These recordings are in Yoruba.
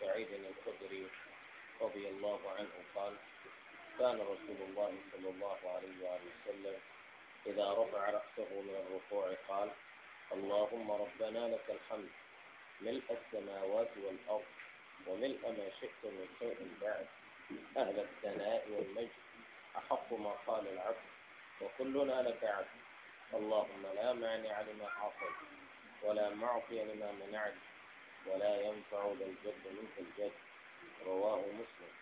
سعيد الخدري رضي الله عنه قال كان رسول الله صلى الله عليه وآله وسلم إذا رفع رأسه من الركوع قال اللهم ربنا لك الحمد ملء السماوات والأرض وملء ما شئت من شيء بعد أهل الثناء والمجد أحق ما قال العبد وكلنا لك عبد اللهم لا مانع لما أعطيت ولا معطي لما منعت ولا ينفع ذا الجد منك الجد رواه مسلم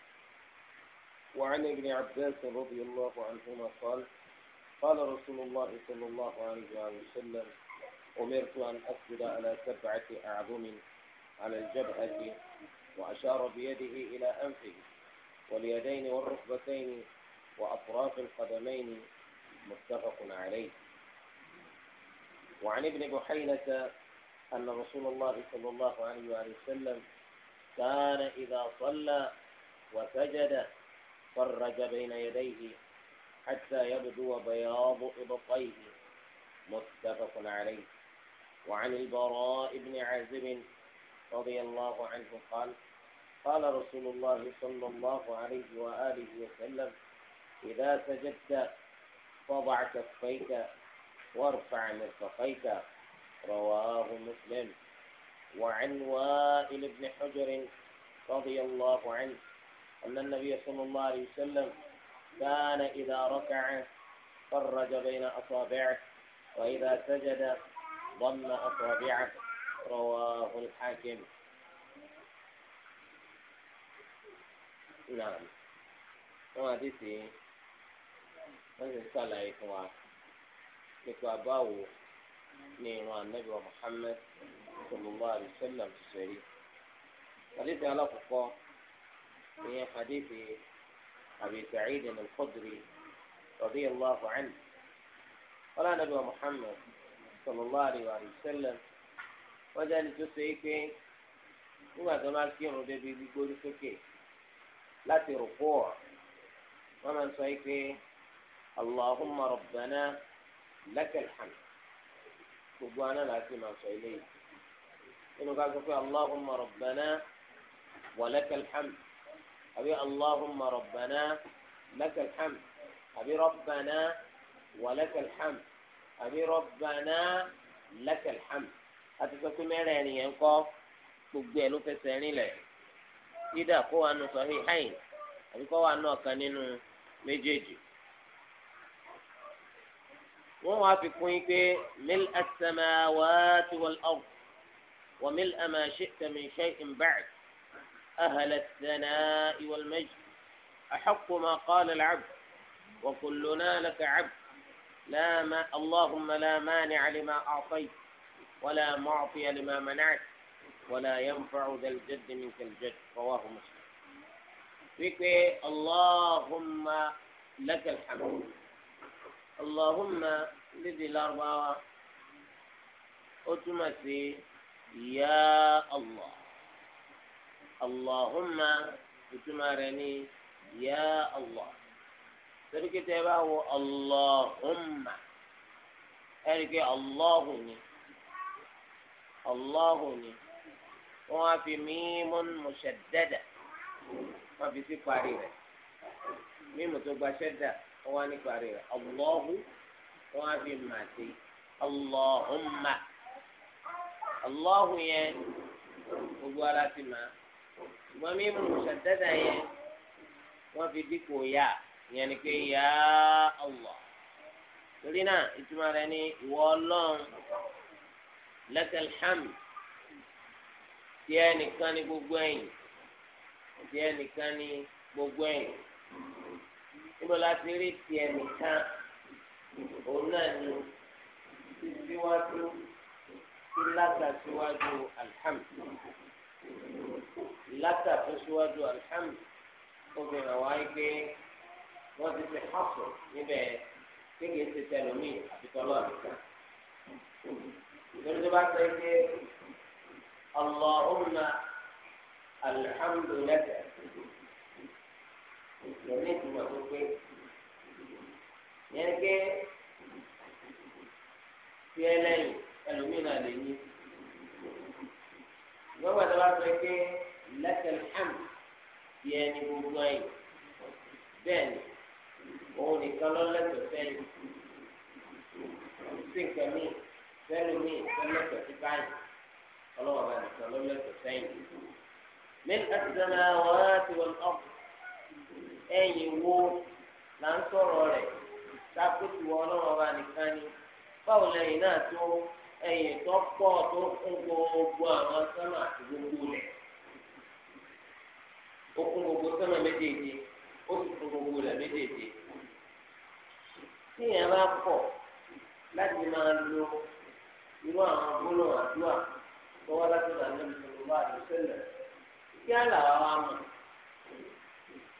وعن ابن عباس رضي الله عنهما قال قال رسول الله صلى الله عليه وسلم أمرت أن أسجد على سبعة أعظم على الجبهة وأشار بيده إلى أنفه واليدين والركبتين وأطراف القدمين متفق عليه وعن ابن بحينة أن رسول الله صلى الله عليه وآله وسلم كان إذا صلى وسجد فرج بين يديه حتى يبدو بياض إبطيه متفق عليه وعن البراء بن عازب رضي الله عنه قال قال رسول الله صلى الله عليه وآله وسلم إذا سجدت فضع كفيك وارفع مرفقيك رواه مسلم وعن وائل بن حجر رضي الله عنه أن النبي صلى الله عليه وسلم كان إذا ركع فرج بين أصابعه وإذا سجد ضم أصابعه رواه الحاكم نعم wọ́n àti tì í wọ́n ní irun anabi wa muhammed sallallahu alayhi wa sallam ti sẹ́rí. Hadith alákọ̀ọ́kọ́ ìyẹn hadith Abi Sa'id al-Khudri radiyallahu anhu. Wọ́n lé anabi wa muhammed sallallahu alayhi wa sallam wọ́n jẹ́ ẹni tó ṣe é pé nígbà tó máa kírun débi gbígbórí sókè láti rúkú ọ̀ wọ́n máa sọ é pé allahumma rabbana lakal gbogbo aná láti máa sọ eléyìí nínú ká gbọ́ pé allahumma rabbana wa lakal hamd àbí allahumma rabbana lakal hamd àbí rabbana wa lakal hamd àbí rabbana lakal hamd àti sọ pé mẹ́rẹ̀ẹ̀rin yẹn kọ́ gbogbo ẹ̀ ló fẹsẹ̀ rìn lẹ̀ dídà kó wa nù sọ hí àbí kó wa nù ọ̀kan nínú méjèèjì. wọ́n wá fi kún yín pé mil as-samawati wal ard wa mil ama ṣe tẹmí ṣe ba'd ahla as-sana'i wal majd ahaqqu ma qala al-'abd wa kulluna laka 'abd la ma allahumma la mani'a lima a'tayt ولا معطي لما منعت ولا ينفع ذا الجد منك الجد رواه مسلم wípé allahumma lakal hamd Allahumma lédè lárúbáwá ó túmọ̀ sí ya Allah Allahumma ìtumọ̀ rẹ̀ ní ya Allah torí kété bá wo Allahumma ẹ̀rí pé Allahu ni Allahu ni wọ́n á fi mímún mushaddada wọ́n fi sí parí rẹ̀ mímú tó gba ṣẹ́dà wọ́n wá nípa rẹ̀ Allahu wọ́n á fi mà sí Allahumma Allahu yẹn gbogbo ara ti mà ṣùgbọ́n mímu ṣàdádà yẹn wọ́n fi dípò yá ìyẹn ni pé yá Allah torí náà ìtumọ̀ rẹ̀ ni ìwọ ọlọ́run lakal hamd nìkan ni gbogbo ẹ̀yìn tiẹ̀ nìkan ni gbogbo ẹ̀yìn níbo la ti rí tiẹ̀ nìkan òun náà ni síwájú sí látà síwájú alhamdu látà tó síwájú alhamdu obìnrin wa yìí pé wọ́n ti fi hàpọ̀ níbẹ̀ kéèké ti tẹ̀lómi àti tọ́lọ́ nìkan. Ìjọba bá sọ pé Allahumma alhamdu laka ìfẹ́ ní ìtumọ̀ tó pé yẹn gé tí ẹ lẹ́yìn ẹlòmíràn lè ní. wọ́n gbàdá wá sọ pé lẹ́kẹ̀lẹ́ hàn tí ẹ ní gbogbo ẹ̀yìn bẹ́ẹ̀ ni òun nìkan lọ́lẹ́sẹ̀ fẹ́ẹ́ sí nǹkan míì fẹ́ẹ́lú sí báyìí ọlọ́wọ́ bá nìkan lọ́lẹ́sẹ̀ sẹ́yìn. من السماوات والأرض ẹ̀yìn wo la ń sọ̀rọ̀ rẹ̀ sákòtù ọlọ́run ọba nìkan ni báwo lẹ́yìn náà tó ẹ̀yìn tó tó gbogbo àwọn sọ́nà àti gbogbo rẹ̀ ó kún gbogbo sọ́nà méjèèjì ó sì gbogbo méjèèjì tíyẹn bá láti máa lo irú àwọn gbólóhùn àdúrà tó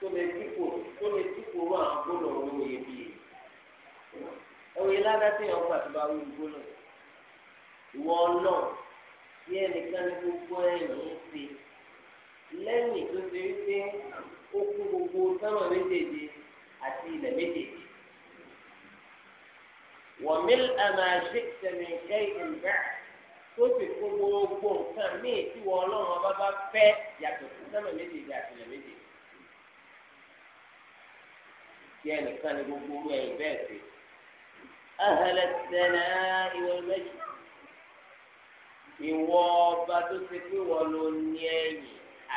tó lè dípò tó lè dípò rú àwọn gbọ́dọ̀ owó iyebíye ẹwọ yìí ládàá tí yẹn wà tó bá wí gbọ́dọ̀ ìwọ ọlọ tí ẹnìkan ní gbogbo ẹ̀yìn ń ṣe lẹ́yìn tó ṣe wípé ó kú gbogbo sánmà méjèèjì àti ilẹ̀ méjèèjì wọ̀míl àmàṣe tẹ̀mí kẹ́hìn bẹ́ẹ̀ tó sì kó gbogbo nǹkan míì tí wọ́n ọlọ́run ọba bá fẹ́ yàtọ̀ sí méjèèjì àti ilẹ̀ méjèèjì tí ẹnìkan ní gbogbo orú ẹ̀yìn bẹ́ẹ̀ sí. ahẹ́lẹ́ sẹ́nà ìwọ méjì ìwọ ọba tó ṣe pé wọ́n ló ní ẹ̀yìn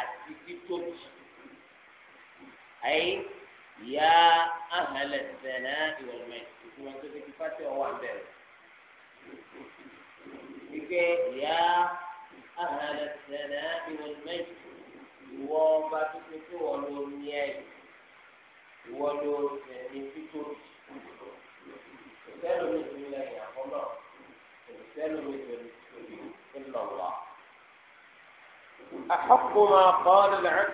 àti títóbi. ayé ìyá ahẹ́lẹ́ sẹ́nà ìwọ méjì ìfún tó ṣe pé fásitì ọwọ́ àbẹ̀rẹ̀. ike ìyá ahẹ́lẹ́ sẹ́nà ìwọ méjì ìwọ ọba tó ṣe pé wọ́n ló ní ẹ̀yìn ìwọ ló ẹni títò ìfẹ́lò mi ti lẹ́yìn àkọ́nà ìfẹ́lò mi ti ìlọ wà. àkọ́kọ́ máa kọ́ ọ́ lẹ́rẹ́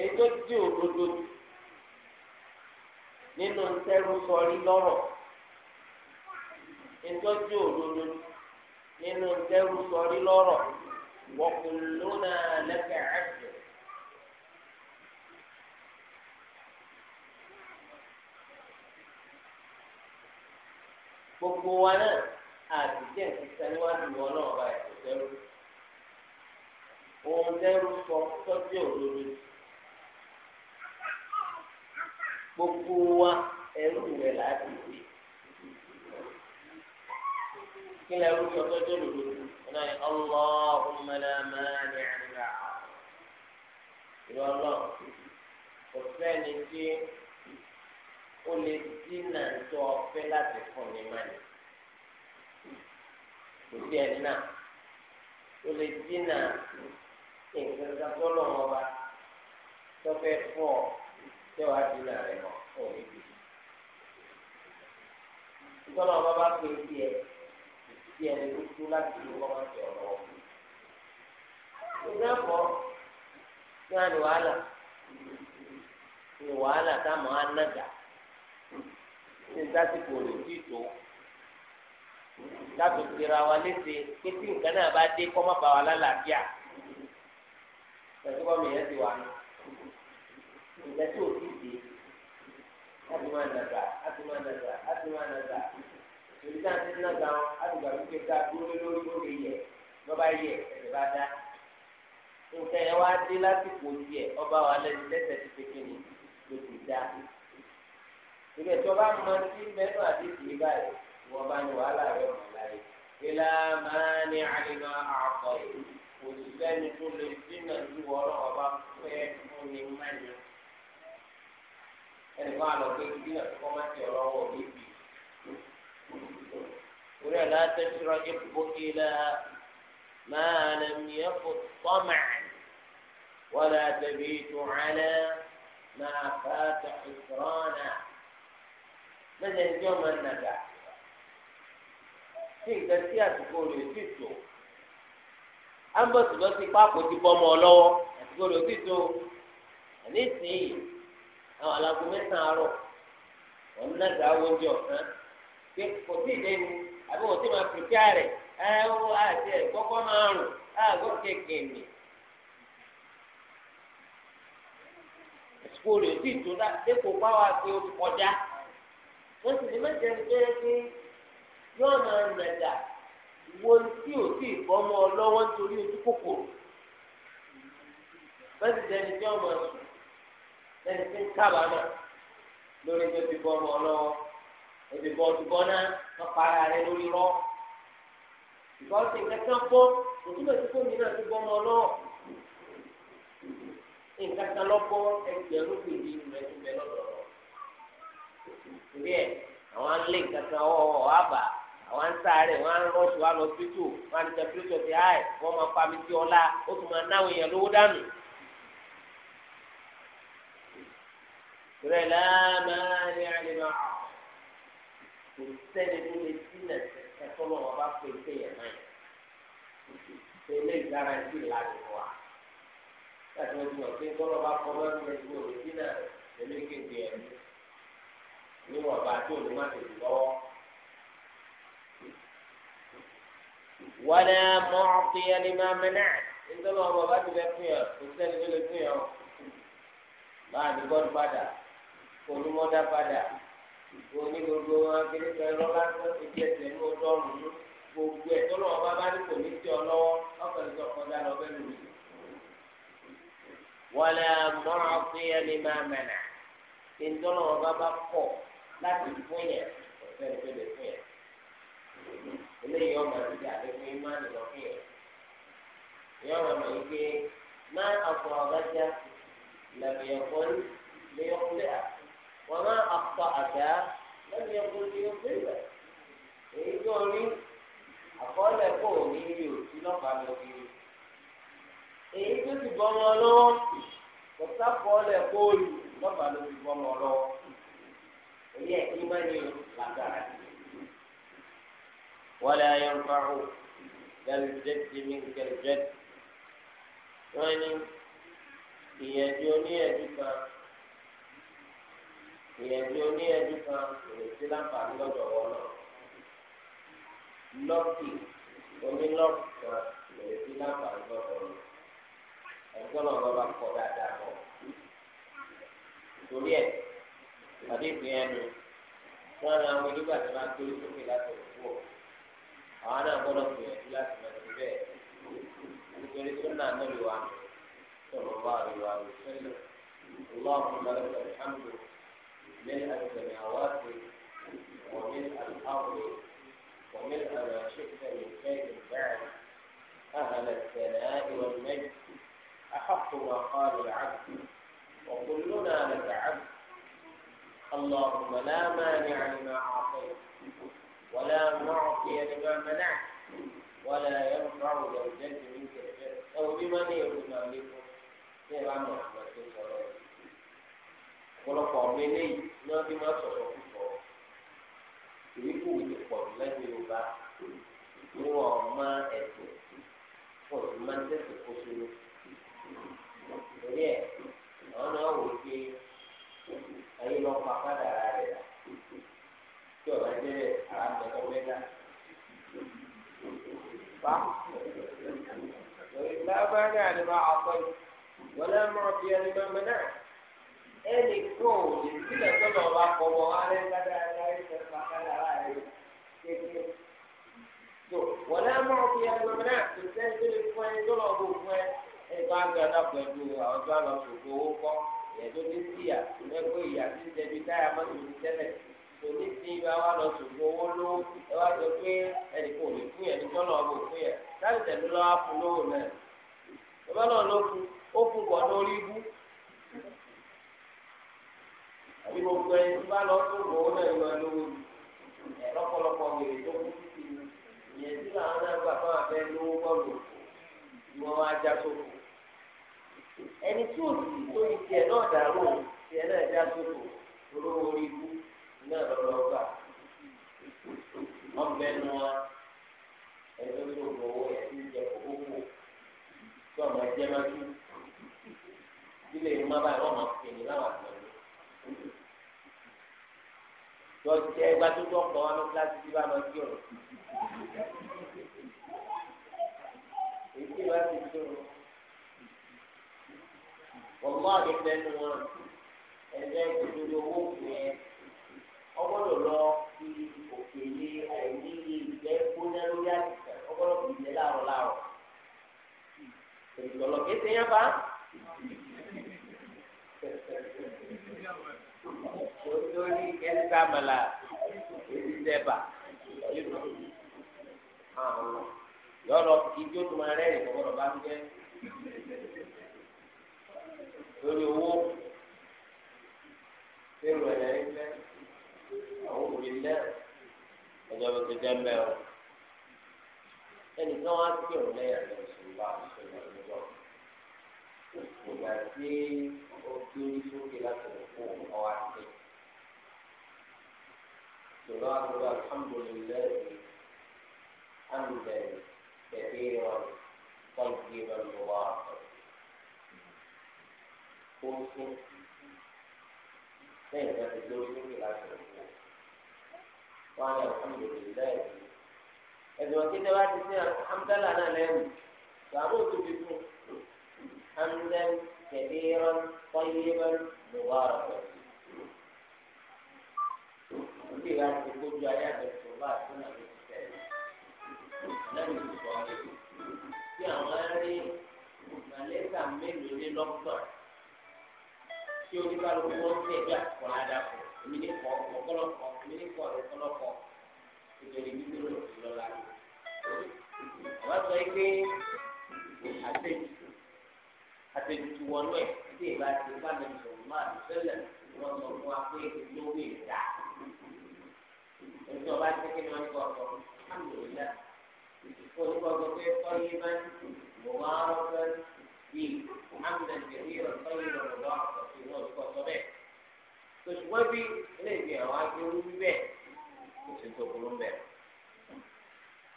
èyí tó di òdodo nínú ntẹ́rù sọrí lọ́rọ̀ èyí tó di òdodo nínú ntẹ́rù sọrí lọ́rọ̀ wọ́n lónà lẹ́kẹ̀ẹ́ àjẹ́. gbogbo wa náà àtijọ́ ìtìsẹ́ níwájú wọn náà bá ìtẹ̀sẹ̀rú ohun tẹ́rú sọ tọ́jú òdodo gbogbo wa ẹrú rẹ̀ láti gbé kí ni ẹrú sọ tọ́jú òdodo ọ̀nà ìrọ̀lọ́ kò o lè dínà tó ọfẹ́ láti fún ní mọ́ni kò sí ẹni náà ó lè dínà nǹkan kan tó lọ́wọ́ wa tó fẹ́ fún ọ tẹ́wàá o rẹ̀ mọ́ ọ̀ níbi ìtọ́nà ọba bá pè é tiẹ̀ tiẹ̀ lè tó láti lè wọ́n máa tẹ̀ ọ́ lọ́wọ́. ìgbà pọ̀ kí wọ́n á ní wàhálà ní wàhálà táwọn á nàgà ní sásìkò rẹ̀ tí tó láti tira wa léṣe pé tí nǹkan náà bá dé kọ́ má ba wa lálàáfíà ìtẹ̀síwọ́ mi yẹn ti wà ní ìtẹ̀sí òtí dé láti máa nàgbà láti máa nàgbà láti máa nàgbà èyí tá à ń ti nàgbà wọn láti gbà wípé ká dúró lórí lórí yẹ lọ́ba yẹ ẹ̀sẹ̀ bá dá nǹkan yẹn wá dé lásìkò tiẹ̀ ọba wa lẹ́sẹ̀ ti ṣe kéde ló ti ilé tó bá mọ sí mẹ́nu àdìsí báyìí wọ́n bá ní wàhálà rẹ̀ mọ̀ láyé ilá máa ní àlìmọ́ àkọ́ yìí kò sí sẹ́ni tó lè dínà sí wọ́n náà bá fẹ́ fún ni mẹ́ni. ẹnì kan àlọ́ pé dínà tó kọ́ máa ti ọ̀rọ̀ wọ̀ níbi. orí ẹ̀ láti ṣọ́ra ìbùkún ilá máa lẹ́mú yẹn kó tọ́mà wọ́n láti bí tu àlẹ́ máa fà á tẹ̀ ìṣòro náà. lẹ́yìn ẹni tí ọmọ nàgà tí nǹkan tí àsìkò rẹ̀ ti tó ti pápọ̀ ti bọ́ ọmọ lọ́wọ́ àsìkò rẹ̀ ti tó àní ìsìnyìí àwọn alágbó mẹ́sàn àárọ̀ nàgà oúnjẹ ọ̀sán pé kò tí ì lẹ́nu àbí wọ́n ti máa rẹ̀ ẹ ẹ̀ máa rùn kéèké mi. rẹ̀ tó dépò báwa o ti kọjá. wọ́n sì lè má jẹ́ pé pé yóò máa nàjà wo tí ò tí ì fọmọ ọlọ́wọ́ nítorí ojú kòkòrò wọ́n sì jẹ́ pé ọmọ sùn lẹ́ni tí ń kábàámọ̀ lórí ẹgbẹ́ ti bọ́ ọmọ ọlọ́wọ́ ẹbí bọ́ ọdún bọ́ náà wọ́n para rẹ lórí rọ́ ìgbà ọ̀sẹ̀ ìkẹsàn bọ́ òtún bẹ̀ tó fún mi náà ti bọ́ ọmọ ọlọ́wọ́ nǹkan kan lọ́gbọ́n ẹgbẹ̀rún kejì rẹ̀ ti bẹ̀ lọ́dọ̀ọ́ torí ẹ àwọn alẹ́ kankan ọwọ́ àbà àwọn sáré wọn á rọ́ọ̀ṣù wọn lọ síbítù wọn á ní tẹpílẹ́tọ̀ ti háì wọn máa pa mi sí ọlá ó tún máa náwó yẹn lówó dànù. rẹ̀ láàmáà ní àlejò àwọn kò sẹ́ni tó lè sílẹ̀ ẹ̀kọ́ lọ́wọ́ bá pè é yẹn náà tẹ́lẹ̀ ìdára ẹ̀sìn ìlànà wa láti wọ́n ti mọ̀ pé kọ́lọ́ bá kọ́ lọ́sẹ̀ ìgbò òbí náà tẹ́lẹ̀ kéde ẹ̀mí nínú ọba tó ní má tètè lọ́wọ́. wala mu'tiya lima mana' nítorí ọmọ bá ti fẹ́ fún yàn kò sẹ́ni tó lè fún yàn máa ní bọ́ọ̀lù padà kò ní mọ́dá padà kò ní gbogbo wọn kiri kan lọ́ba tó ti di ẹsẹ̀ ní ojú ọ̀run mú gbogbo ẹ̀ tó lọ́wọ́ bá bá ní kò ní tí ọ lọ́wọ́ ọkàn tó kọjá lọ bẹ́ẹ̀ lòdì. wala mu'tiya lima mana' nítorí ọmọ bá bá kọ̀ láti fún yẹn ọ̀sẹ̀ni tó lè fún yẹn. eléyìí ọmọ ti di àdéhùn ìmọ̀ àdìgbò fún yẹn. ìyá ọmọ mi pé máa àpò ọ̀gájà lẹ́mìẹ̀kọ́ lẹ́yọ̀kúlẹ̀ à wọ́n máa àpò àgá lẹ́mìẹ̀kọ́ lẹ́yọ̀kúlẹ̀ èyí tó rí àkọọ́lẹ̀ kò ní rí òsì lọ́pàá lọ́kiri. èyí tó ti bọ́ ọmọ lọ́wọ́ kò sáfọ́ọ́lẹ̀ kó lù lọ́pàá ló ti bọ́ ọmọ lọ́wọ́. torí ẹ̀ kí má ní lágbára wọlé ayé ń fa o gẹlẹ jẹjẹ mi gẹlẹ jẹjẹ wọn ní ìyẹjú oníyẹjú kan ìyẹjú oníyẹjú kan ìrètí láǹfààní lọ́dọ̀ wọn náà lọ́ọ̀kì onílọ́ọ̀kì kan ìrètí láǹfààní lọ́dọ̀ wọn ẹ̀gbọ́n náà lọ́ba kọ́ dáadáa mọ́ torí ẹ̀. àdéhùn yẹn nù wọn náà wọn nígbà tí wọn gbé sókè láti òkú ọ àwọn náà gbọ́dọ̀ gbìyànjú láti máa ti bẹ́ẹ̀ nítorí súnà mẹlẹ wa sọlọ bá àríwá rẹ sẹlẹ اللهم لك الحمد ملء السماوات وملء الأرض وملء ما شئت من شيء بعد أهل الثناء والمجد أحق ما قال العبد وكلنا لك عبد اللهم لا مانع لما أعطيت ولا معطي لما منعت ولا ينفع ذا الجد منك الجد أو بمن يمنع منكم سير عن صلى الله عليه وسلم ọ̀pọ̀lọpọ̀ قومي eléyìí ní wọ́n fi máa sọ̀rọ̀ púpọ̀ ìrìkù ti pọ̀ lẹ́nu yorùbá ربي لما منعت ẹnì kan ò lè sílẹ̀ sọ́nà ọba kọ̀wọ́ alẹ́ dáadáa ẹ̀ṣẹ̀ pàtàkì ara rẹ̀ kékeré. tó wọ́n náà mọ̀ ọ́ fi ẹgbẹ́ mi náà tó sẹ́ńtì lè fún ẹni tó lọ bó fún ẹ ẹ̀ka ń gbàdá pẹ̀lú àwọn tó lọ sòkò owó kọ́ ẹ̀dọ́ tó síyà lẹ́gbẹ́ ìyà tí ń tẹ̀bi táyà mọ́tò ní tẹ́lẹ̀ wà lọ sòkò owó ló ẹ wá sọ pé ẹnì kan lè fún yẹn ní tọ́lọ̀ ọ̀bọ̀ fún yẹn láti tẹ̀lé lọ́wọ́ fún lówó náà ó fún bọ̀ lórí ibú àbí gbogbo ẹni tí bá lọ fún bọ̀ ó náà yọ lówó lọ́pọ̀lọpọ̀ wèrè tó kú sí ìyẹn tí làwọn náà gbà fún abẹ́ lówó bọ́ọ̀lù ni wọ́n wá já sóko ẹni tí ò sì tó ní tiẹ̀ náà dàrú tiẹ̀ náà já sóko olówó orí ibú náà lọ́lọ́ gbà nu wa ẹni tó sílẹ̀ yìí má báyìí wọ́n máa fi ní láwọn àgbẹ̀rẹ̀ yọ jẹ́ ẹgbà tó tó ọkọ̀ wọn láti bí bá máa kí ọ̀rọ̀ èyí tí wọ́n ti tó ọgbọ́n àgbẹ̀fẹ́ nu wọn ẹgbẹ́ ìdúró owó fún yẹn ọgbọ́dọ̀ lọ fi òkèlè àìní ìgbẹ́ gbóná lórí àtìkà ọgbọ́dọ̀ fi ìgbẹ́ láàrọ̀ láàrọ̀ èyí lọ́lọ́ kéde yẹn bá. olórí ẹsàmàlà ìdíjẹba yọrọ ìjó tó máa rẹ́rìn kọ́kọ́rọ́ bá ń jẹ́ lórí owó lérò ẹ̀yà ilẹ̀ àwọn òbí lẹ́ ẹ̀jọ̀ bó ti jẹ́ mbẹ́ o ẹnìkan wá sí òun lẹ́yìn àti ìṣòro wa ìṣòro ìṣòro ìgbà tí ó dúró sókè láti lè kó ọwọ́ àti. Ìjọba àgbà alhamdulilayi hamdan kathiran tayyiban mubarakan. Ó sún lẹ́yìn náà ti dúró sókè láti lè kó. Wọ́n á ní alhamdulilayi. Ẹ̀sìn wọn kí ṣe wá ti sí alhamdulilayi náà lẹ́nu. Sàmúlò tó fi fún hamdan. كثيرا طيبا مباركا Nanti kan buku jaya dan surat pun ada sekali. Nanti soal itu. Yang hari malaikat melu ni doktor. Tí o ní ká ló wọ́n ń tẹ̀ bí àkọ́kọ́ ládàá kọ́. Èmi ní kọ́ ọ̀pọ̀lọpọ̀ èmi ní kọ́ ọ̀pọ̀lọpọ̀. Ìbẹ̀rẹ̀ mi dúró lọ́la. Àwọn sọ pé àtẹ̀jú àtẹ̀jùtù wọnú ẹ̀ tí ìgbà tí ìgbà mi sọ̀rọ̀ máa ní sẹ́lẹ̀ wọ́n sọ fún wa pé lówó ìdá. Ẹ̀sìn ọba ti kékeré wọn kọ̀ ọ̀tọ̀ àmìlélá. Olùkọ́ sọ pé kọ́lé máa ń mọ̀ wá rọ́pẹ́ bí àmìlẹ̀kẹ̀ ní ọ̀tọ́ ìlú ọ̀dọ́ àkọ́sí wọn olùkọ́ sọ bẹ́ẹ̀. Tòṣùwọ́n bí ilé ìgbé àwọn akéwú bí bẹ́ẹ̀ kò sì tó burú bẹ́ẹ̀.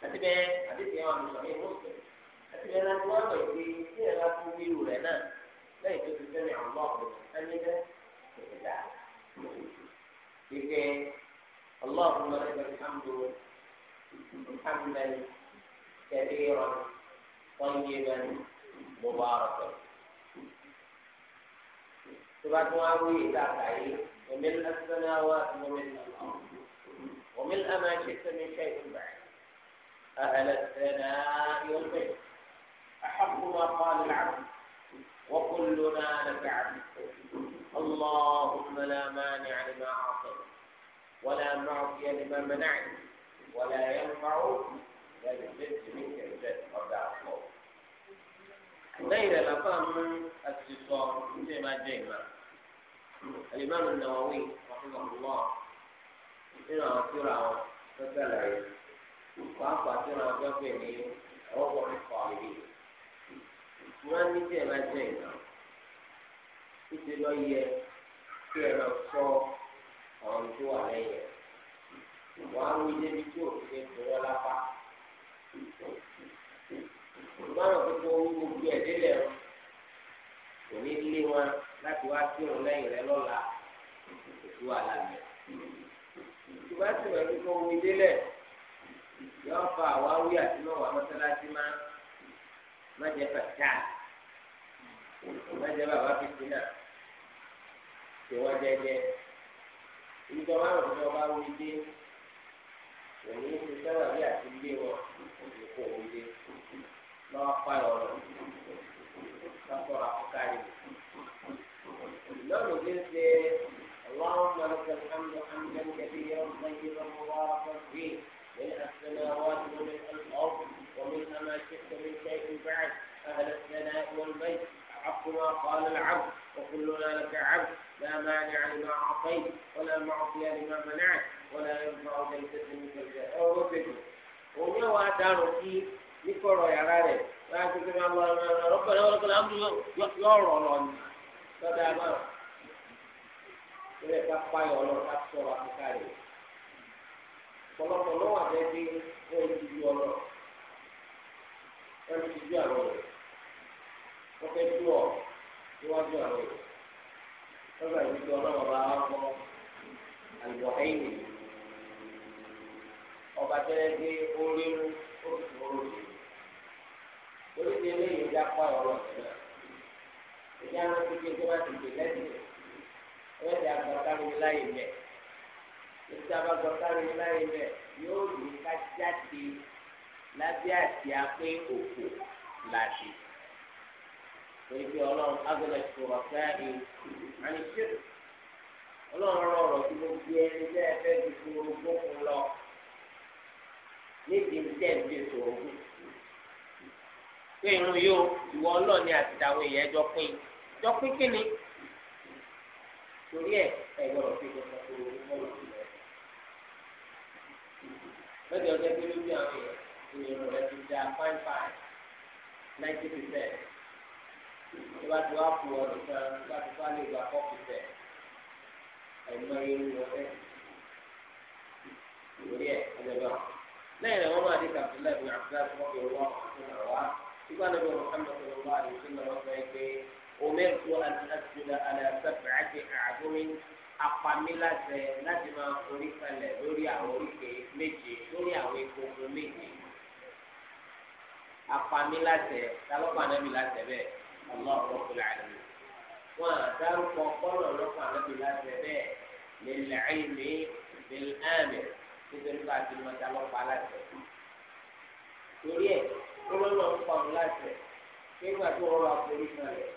Àti bẹ́ẹ̀ àdéhùn àwọn àmì àti bẹ́ẹ̀ láti wá lọ sí ilé ẹ̀rọ akúwé rẹ̀ náà الحمد حمدا كثيرا طيبا مباركا سبحان الله تعالى وملء السماوات وملء الأرض وملء ما شئت من شيء بعد أهل الثناء والبيت أحق ما قال العبد وكلنا لك عبد اللهم لا مانع لما أعطيت ولا معطي لما منعت ولا ينفع لا يجد منك الجد قد عصوه ليلة لقام السلطان زي ما جيما الإمام النووي رحمه الله إنه أسرع فسأل وأقوى أسرع جفني ربع الصالحين wọ́n ní tí ẹ bá jẹ́ ìgbà títí lọ yẹ kí ẹ lọ sọ àwọn tí wà lẹ́yìn wọn á wí débi tí òfin tọwọ́ lápá ìgbọ́nà gbogbo owó gbogbo ẹ̀ délẹ̀ o kò ní lé wọn láti wá sí òun lẹ́yìn rẹ lọ́la òtún wà lálẹ́ ìgbà tí wọn ti kọ́ omi délẹ̀ yóò fa àwa wí àti náà wà mọ́sálásí má má jẹ́ fàtà má jẹ́ bàbá fìtínà tí wọ́n jẹ́jẹ́. ìjọba àwọn ìjọba wí dé òní ti sábà bí àti ilé wọn òní kò wí dé lọ́wọ́ pààyàn ọ̀rọ̀ lọ́sọ̀rọ̀ àkọ́kárí. lọ́nà tí ń ṣe اللهم لك الحمد حمدا كثيرا طيبا مباركا فيه من السماوات ومن الارض ومن ما شئت من شيء بعد اهل الثناء والبيت احق ما قال العبد وكلنا لك عبد لا مانع لما عصيت ولا معطي لما منعت ولا ينفع ليس منك الجاه أو ربك ومن هو دار في نكرو يا غالي لكن كما الله ربنا ولك الأمر يرى لنا فدا ما ilé kápá yọ lọ ká sọ̀rọ̀ àkókò rẹ pọ̀lọpọ̀ lọ́gbà tí kí ọlọ́wọ́ bá wà kọ́ àlùbọ̀ ẹ̀yìn ọba tẹ́lẹ̀ gbé orí mú oṣù orí orí ti eléyìí dá pa ọ̀rọ̀ sílẹ̀ ìyá wọn ti gbé tó bá ti gbé lẹ́sìn ẹ̀rẹ́ ti agbọ̀kárí láyé mẹ́ ètò agbọ̀kárí láyé mẹ́ yóò ní ká jáde lábẹ́ àti apé òkò láti torí pé ọlọ́run agbẹ́lẹ̀ sọ̀rọ̀ káàdì àní ṣé ọlọ́run rọrọ̀ tí mo fi ẹni tẹ́ ẹ fẹ́ ju fún ogún fún lọ níbi tẹ́ ẹ fi sọ̀rọ̀ fún pé irun yóò ìwọ ọlọ́ọ̀ni àti ìdáwọ̀ èèyàn jọ pín jọ pín kínni torí ẹ ẹ gbọ́dọ̀ fi gbọ́dọ̀ fún ogún fún lọ lọ́jọ́ ọjọ́ pé lójú àwọn èèyàn ìrìn rẹ̀ ti da fáìfáì ninety percent tó bá ti wá fún ọ nìkan bá ti fá lè gba kọ́ọ̀kì tẹ̀ ẹ̀mọ irú ọ̀rẹ́ lórí ẹ̀ ẹ̀dẹ̀gbọ́n. lẹ́yìn àwọn máa dé kàbílẹ̀ ní àbúrò tí wọ́n fi wọ́n àti àwa nígbà náà bí muhammed sallallahu alayhi wa sallam sọ pé أمرت أن أسجد على سبعة أعظم apamilasẹ láti máa forí kalẹ̀ lórí àwọn oríkè méje lórí àwọn egungun méje apamilasẹ talọpàá náà mi láti bẹ́ẹ̀. Allahu Rabbil Alamin. Wọ́n dárúkọ kọ́nà lọ́kàn ànábì láti bẹ́ẹ̀ lil ilmi bil amir nítorí bá a ti mọ̀ta lọ́pàá láti. Torí ẹ̀ ó lọ́nà ń pa òun láti nígbà tó ọ̀rọ̀ àforí kalẹ̀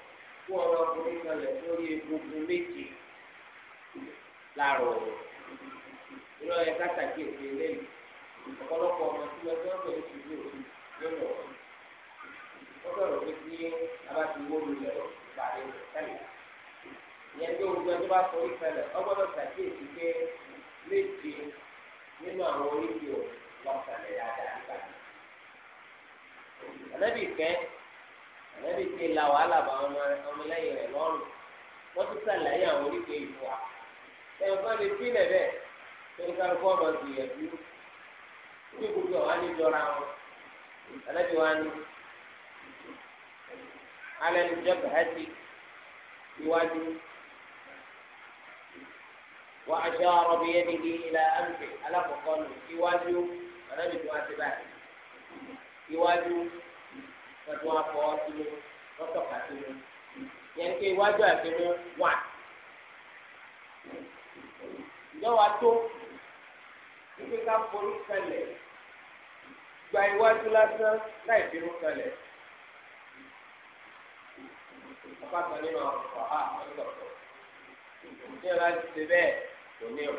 tó ọ̀rọ̀ àforí kalẹ̀ lórí egungun méje láàrọ̀ ọ̀rọ̀. Ìlọ́ yẹ ká ṣàkíyèsí eléyìí. Ọ̀pọ̀lọpọ̀ ọmọ tí wọ́n ti ń pè é ṣùgbọ́n yóò lọ ó sọ̀rọ̀ pé kí abá ti wó lulẹ̀ ó parí sẹ́lẹ̀ ìyẹn tó gbogbo ẹni tó bá forí sẹ́lẹ̀ ó gbọ́dọ̀ ṣàkíyèsí pé méje nínú àwọn oríṣi ò lọ́sàlẹ̀ dáadáa nígbà tí. ànábì kẹ́ ànábì ti la wàhálà bá ọmọlẹ́yìn rẹ̀ lọ́rùn wọ́n tún sàlàyé àwọn oríṣi ìfọ̀ wa ẹ̀fọ́ lè fi lẹ̀ bẹ́ẹ̀ torí ká lóko ọmọ ìgbìyànjú ní gbogbo àwọn àlejò ra wọn ànábì wa ni. على الجبهة بوجه وأشار بيده إلى أنفه ألا فقال إواجه أنا بتواتي بعد إواجه فتوافى واتمه وتقاتمه yẹn ké iwájú àti mú wà ìjọ wa tó wípé ká forí kalẹ̀ gba iwájú ọ̀pá kan nínú ọ̀há ọ̀dọ̀ ìdí ọ̀la ti ṣe bẹ́ẹ̀ kò ní o.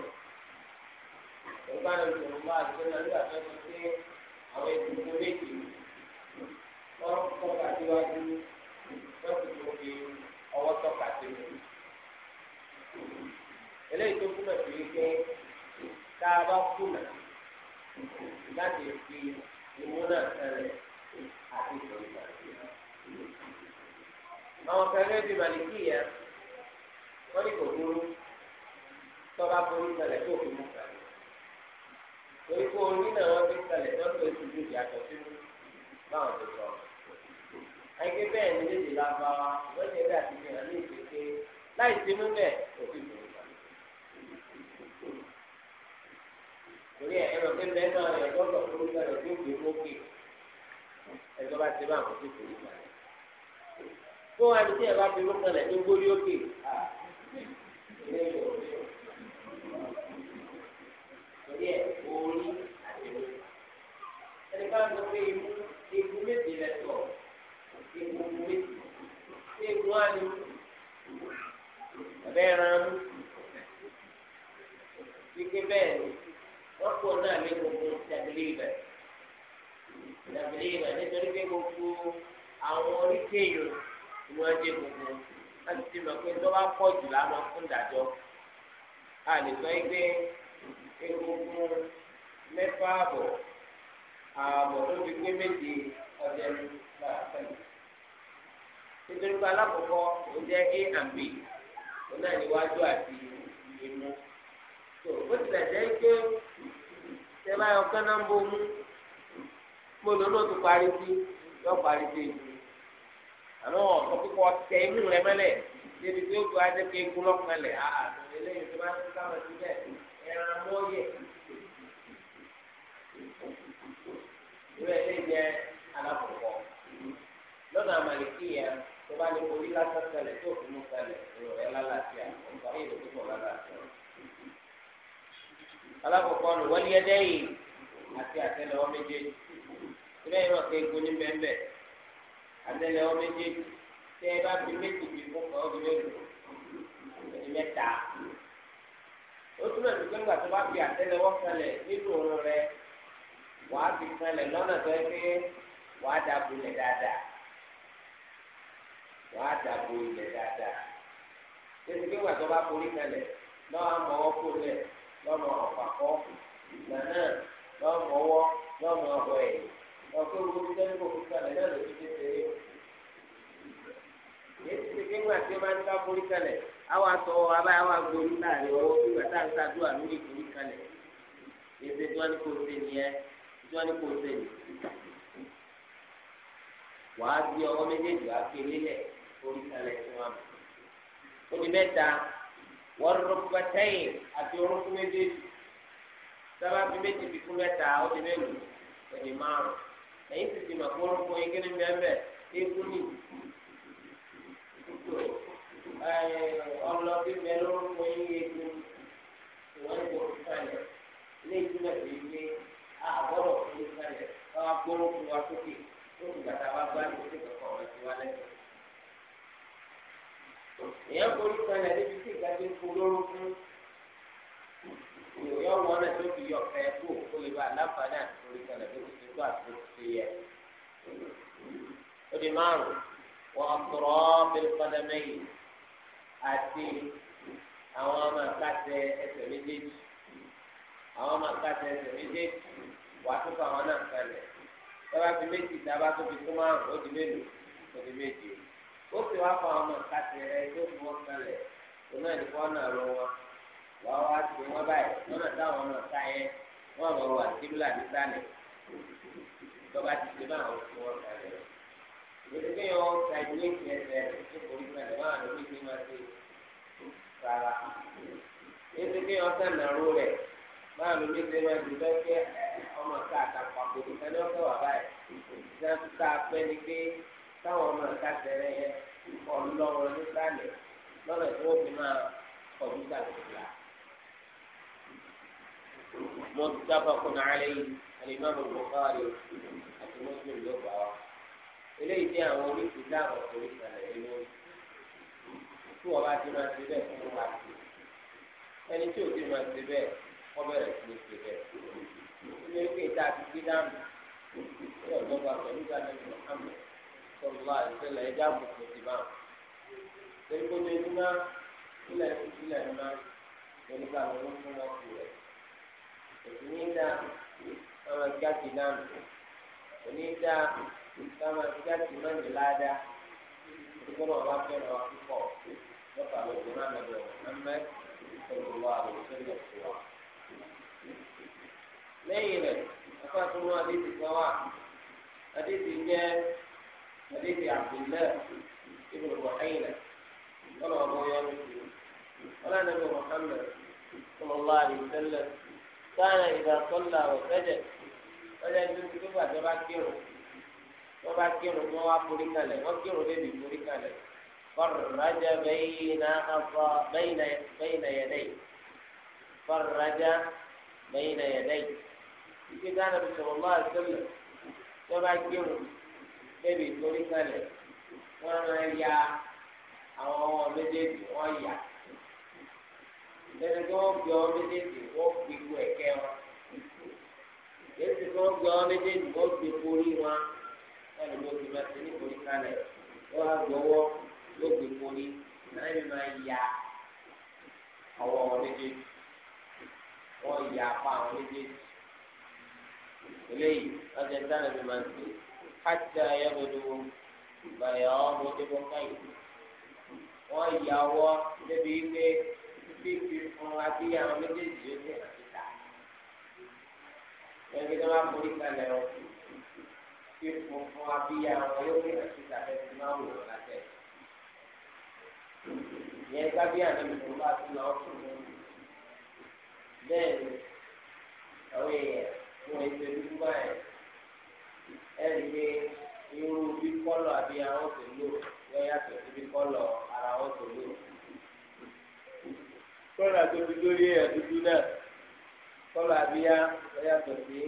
ìgbà náà ló ń bá àti ọ̀nà nígbà tó ti pé àwọn ètùtù méjì wọ́n tọ́ka síwájú wọ́n sì tún fi ọwọ́ tọ́ka sí mi. eléyìí tó kúnà sí wípé tá a bá kùnà láti fi ìmúnà sẹlẹ̀ àti ìtọ́jú àti ìtọ́jú àwọn kẹlẹ́ bíi màlìkíyà wọ́n ní kò burú tọ́ba borí kalẹ̀ tó fi mú kalẹ̀ torí kó orí náà wọ́n fi kalẹ̀ tó fi oṣù tó di àtọ̀ sínú báwọn ti sọ. àyíké bẹ́ẹ̀ ni lédè lágbára wọ́n ti rí àti fihàn ní ìpèké láì sínú bẹ́ẹ̀ kò fi borí kalẹ̀. torí ẹ̀ ẹ̀rọ pé náà ẹ̀rọ tó sọ borí tó fi mú kì ẹ̀jọba ti bá àwọn tó fi borí kalẹ̀ fún wa ní tí ẹ bá fi lókè rẹ ní gbórí òkè. torí ẹ orí àti orí ẹni bá sọ pé imú egun méje rẹ sọ egun méje ṣé egun á ní abẹ́ ran wípé bẹ́ẹ̀ ni wọ́n pọ̀ náà lé gbogbo ìdàgbélé ibẹ̀ ìdàgbélé ibẹ̀ nítorí ni wọ́n jẹ́ gbogbo láti ti mọ̀ pé tó pọ̀ jù lánàá fún ìdájọ́ a lè sọ pé egungun mẹ́fà àbọ̀ àbọ̀ tó fi gbé méje ọ̀jẹ̀ ní ìgbàlódé nítorí pé alákọ̀ọ́kọ́ ó jẹ́ a and b ó náà níwájú àti ìmú ó ti dàjẹ́ pé tẹ́ bá yọ kánná ń bomú mo lọ́nà tó parí sí yọ parí sí ìlú àmọ́ wọn kọ́ kíkọ́ tẹ inú rẹ mẹ́lẹ̀ débi tí ó tó adé ké gún lọ́kùnrin lẹ̀ á ah, ah, àtúnṣe lẹ́yìn tó bá ń sábà síbẹ̀ ẹran mọ́ yẹ. ìwé ilé jẹ alákọ̀ọ́kọ́ lọ́nà àmàlìkíyà tó bá lè borí lásán sẹlẹ̀ tó fi mú sẹlẹ̀ ìrọ̀lẹ́ lálàáfíà ọ̀gá yìí ló tó lálàáfíà. alákọ̀ọ́kọ́ ló wọlé yìí àti àtẹlẹwọ́ méjèèjì ilé ìwọ̀n kéegun ní bẹ́ẹ̀ bẹ́ẹ̀ àtẹ́lẹ̀ wọn méjèèjì tẹ́ ẹ bá fi méjì fi fún kan ọdún mélòó ẹni mẹ́ta ó túnbọ̀ tó pé ńgbà tó bá fi àtẹ́lẹ̀ wọn kalẹ̀ nínú òun rẹ wàá fi kalẹ̀ lọ́nà tó yẹ pé wàá dàbò ilẹ̀ dáadáa wàá dàbò ilẹ̀ dáadáa tẹ́sí pé ńgbà tó bá forí kalẹ̀ lọ́wọ́ àmọ́ ọkọ̀ rẹ̀ lọ́nà ọ̀pàkọ́ ìgbà náà lọ́mọ ọwọ́ lọ́mọ ọ̀họ́ ẹ̀yìn ọ̀pọ̀ owó ti tẹ́lẹ̀ kò fi kalẹ̀ náà ló fi dé tẹ̀lé. èyí ti fi gbà tí ó máa ń ká forí kalẹ̀ àwọn atọ́ abáyé àwọn agbóyún láàrin ọwọ́ fún ìgbà tá à ń sàdúrà lórí ìforí kalẹ̀. èsì tí wọ́n ní kò ṣe nìyẹn tí wọ́n ní kò ṣe nì. wàá di ọwọ́ méjèèjì wá ké lélẹ̀ forí kalẹ̀ fún wa. ó di mẹ́ta wọ́n rọ́pọ̀ tẹ́yìn àti ẹ̀yin ti ti màkó orúkọ yín kíni bẹ́ẹ̀ eégún ni ọlọ́bí bẹ́ẹ̀ lórúkọ yín eégún ìwọ́n ti kọ́ sálẹ̀ ilé ìtumọ̀ sí ilé àbọ̀rọ̀ kọ́ sálẹ̀ wọ́n á gbọ́rọ̀ fún wa sókè tó ti gbàtà wá gbá ní oṣù kọ̀ọ̀kan wọ́n ti wá lẹ́sẹ̀. èèyàn kọ́ni sálẹ̀ níbi tí ìgbàgbé ń polówó fún ìròyìn ọ̀wọ́n náà tó fi yọ ọ̀kẹ́ kó o lè bá aláǹfààní àti orí sálẹ̀ tó ti tó àti ti yẹ. ó di márùn wọ́n akọ̀rọ̀ bẹ́ẹ̀ padà mẹ́yìn àti àwọn ọmọ àkàtẹ ẹsẹ̀ méjèèjì àwọn ọmọ àkàtẹ ẹsẹ̀ méjèèjì wàá tó fún àwọn náà kalẹ̀ tọ́ba fi méjì dábàá tó fi tó márùn ó di mélòó ó di méje ó sì wá fún àwọn ọmọ àkàtẹ ẹsẹ̀ tó fún wọn kalẹ̀ tó náà ní náà lọ wọn wàá wá sí wọn báyìí tọ́ba ti ṣe bá àwọn tí wọ́n kalẹ̀ lọ. ìgbésẹ̀ pé yọ ta ilé ìfẹ́ ẹsẹ̀ rẹ̀ tó borí fún ẹ̀dá báwọn lórí ìgbé máa ṣe rárá. ìgbésẹ̀ pé yọ ta nàró rẹ̀ báwọn lórí ìgbé máa ṣe lọ pé ọmọ ká àtàkùn àpòjù kan ọ̀fẹ́ wà báyìí. ìjà tó ta pẹ́ ni pé táwọn ọmọ tẹ̀lé yẹ nísàlẹ̀ alimami bukari àti muslim ló gbà wá eléyìí jẹ́ àwọn oríṣi dáàbò torí ìsàlẹ̀ nínú tí wọ́n bá ti máa ti bẹ́ẹ̀ fún wa sí ẹni tí ò ti máa ti bẹ́ẹ̀ wọ́n bẹ̀rẹ̀ sí ní ti bẹ́ẹ̀ ilé ìwé ìta ti gbé dáàbò tí ọ̀gbọ́n wa pẹ̀lú ìgbàlejò Muhammad sọlá ìṣẹ̀lẹ̀ ẹja àbùkù káma jáde náà onídàá káma jáde náà ní ládàá ìgbọ́dọ̀ wà fẹ́ràn wà púpọ̀ lọ́pàá lọ́dún náà lọ́dún ọ̀hánmẹ́ ìṣòro àlùfẹ́lẹ̀ fún wa. ko wa pupo lopaa lodun naa lodun rẹ̀ afa tó mú adéjì kan wà adéjì jẹ́ adéjì àbúlẹ̀ ìbùrùkọ̀ ẹ̀yìn rẹ̀ kọ́nà ọmọ yẹn ló ti wọ́n lánàá bí muhammed sọlọ́lá àlùfẹ́lẹ̀ sáà ìdá sọ́lá ọ̀fẹ́jẹ̀. ọjà ní oṣù tó gbàdé bá kírun wọ́n bá kírun wọ́n wá forí kalẹ̀ wọ́n kírun débi forí kalẹ̀ fọ̀rọ̀rájà bẹ́yìnà afọ bẹ́yìnà yẹ̀dẹ́yì fọ̀rọ̀rájà bẹ́yìnà yẹ̀dẹ́yì ìgbé dáná bí sọ̀rọ̀ lọ́wọ́ àtẹ́lẹ̀ wọ́n bá kírun débi forí kalẹ̀ wọ́n rán ya àwọn ọmọ méjèèjì wọ́n yà lẹ́nu tí wọ́n fi ọmọ méjèèjì wọ́n fi gbogbo ẹ̀kẹ́ yéésì kí wọ́n gbé wọn méjèèjì wọ́n gbé forí wọn ẹni ló fi máa ṣe nítorí kalẹ̀ wọ́n á gbọ́wọ́ ló gbé forí náà ẹni máa ya ọwọ́ wọn méjèèjì wọ́n ya apá wọn méjèèjì eléyìí ọjà ìdáná mi máa ń ṣe kájà ayélujára wọn bàyà ọmọ tó bọ́ káyìí wọ́n ya ọwọ́ débi pé fífi fún abíyá wọn méjèèjì ó ti hàn ẹgbẹ́ tó máa forí kalẹ̀ ọ fi funfun abíyá wọn yóò fi hàn síta ẹni tó máa wò wọn látẹ̀. ìyẹn sábí àdéhùn tó bá tún lọ fún un bẹ́ẹ̀ ni àwọn èèyàn wọn ètò ìdúgbò báyìí ẹni pé irú bí kọ́lọ̀ abíyá wọn tó lò yọ yàtọ̀ sí bí kọ́lọ̀ ara wọn tó lò. kọ́lọ̀ àti ojú lórí ẹ̀ dúdú náà kọ́lọ̀ abíyá ó yàtọ̀ sí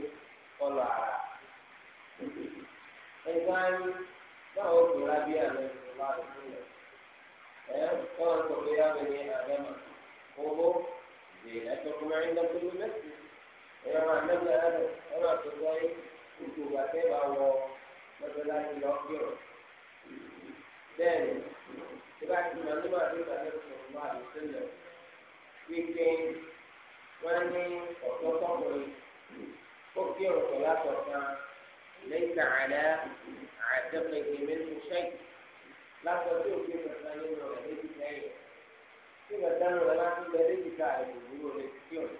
kọ́lọ̀ ara ẹgbẹ́ ayé báwo kò lábíyá rẹ ló bá rẹ sílẹ̀ ẹ kọ́lọ̀ tó fi yá mi ní àdámà owó ìdè ẹ̀tọ́kùnrin ẹ̀yìn lọ́kùnrin mẹ́sì ẹ̀yọ́ máa nẹ́gbẹ́ ẹ̀rọ ẹ̀rọ tó sọ yìí kùtù gbàtẹ́ bá wọ mọ́tòláṣí lọ́kìọ̀ bẹ́ẹ̀ni tí bá ti nígbà tó gbàtẹ́ kùtù máa lè sílẹ̀ wípé wọ́n ní ọ̀tọ́ tọkùnrin ó kí ọ̀tọ̀ látọ̀kan lẹ́yìn àlẹ́ àdẹ́kẹ̀kẹ̀ mẹ́nu ṣẹ́yìn látọ̀ tí ò fi kàkà nínú rẹ̀ lẹ́yìn lẹ́yìn tí kàkà nínú rẹ̀ láti bẹ lẹ́yìn ká rẹ̀ kò wúlò lè fi kí ọ̀rẹ́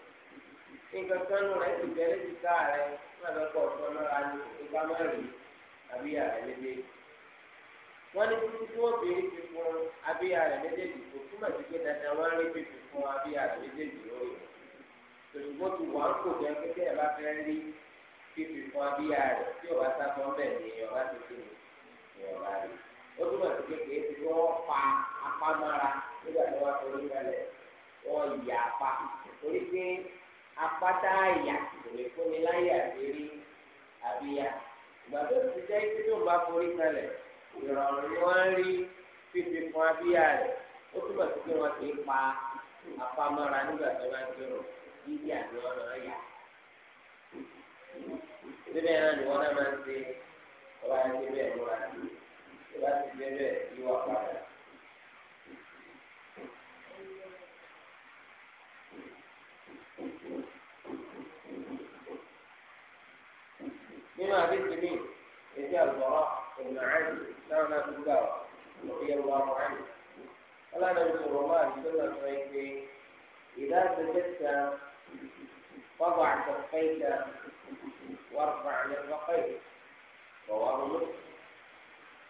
tí kàkà nínú rẹ̀ ti bẹ lẹ́yìn ká rẹ̀ má lọ kọ̀ ọ̀tọ̀ náà ní ìgbà márùn-ún àbí àrẹ̀ lébè ní títí tí wọ́n béèrè fi fún abíyá rẹ̀ méjèèjì kò túmọ̀ sí pé dandan wọ́n rí fi fún abíyá rẹ̀ méjèèjì lórí rẹ̀ tòṣùgbọ́n ti wà ń kò jẹ́ pété ẹ̀ bá fẹ́ rí fífi fún abíyá rẹ̀ tí ọba sábọ́ ń bẹ̀ ní ọba ti fi ní ọba rẹ̀ ó túbọ̀ sí pé kìí ti kọ́ pa apámára nígbà tó wá torí kalẹ̀ wọ́n yà apá torí pé apáta àyà kò lè fúnni láyé àdérí abíyá ìgbà tó ti jẹ́ pé tó ń bá forí kalẹ̀ ìrọ̀rùn ni wọ́n ń rí fífi fún abíyá rẹ̀ ó túbọ̀ sí pé wọ́n ti pa apámára nígbà tó wá torí nàìjíríà ni wọn lọ yà síbẹ̀ náà ni wọn náà máa ń ṣe ọba ń ṣe bẹ́ẹ̀ múra tó bá ti ṣe bẹ́ẹ̀ yíwà padà. nínú àdéhùn mi ètò àgbọ̀rọ̀ ìgbà àìsí náà náà ti gbà wọ́n wọ́n wọ́n àìsí. ọlọ́run sọ̀rọ̀ máa ń sọ̀rọ̀ sọ pé ìdá àti mẹ́ta. وضع كفيك وارفع مرفقيك رواه مسلم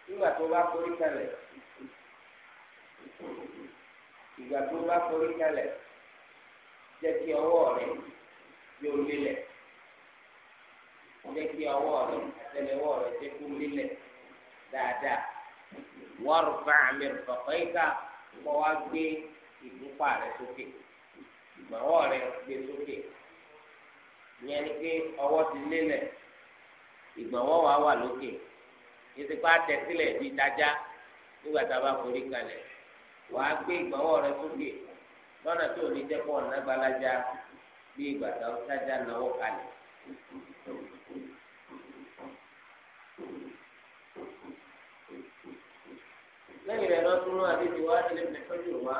nígbà tó bá forí kalẹ̀ ìgbà tó bá forí kalẹ̀ jẹ́ kí ọwọ́ rẹ̀ yóò lélẹ̀ jẹ́ kí ọwọ́ rẹ̀ àtẹlẹwọ́ rẹ̀ jẹ́ kó lélẹ̀ dáadáa màwọ́ rẹ̀ gbé sókè ìyẹn ni pé ọwọ́ ti lélẹ̀ ìgbọ̀nwọ́ wa wà lókè ìsìnkú àtẹ̀sílẹ̀ bíi dájá nígbà tá a bá forí kalẹ̀ wàá gbé ìgbọ̀nwọ́ rẹ̀ sókè lọ́nà tí ò ní jẹ́ pọ̀ nágbàlájà bíi ìgbà tá a dájá náwó kalẹ̀. lẹ́yìn rẹ̀ lọ́dún àdéhùn wa ilé ìfẹ́jọ́ wa.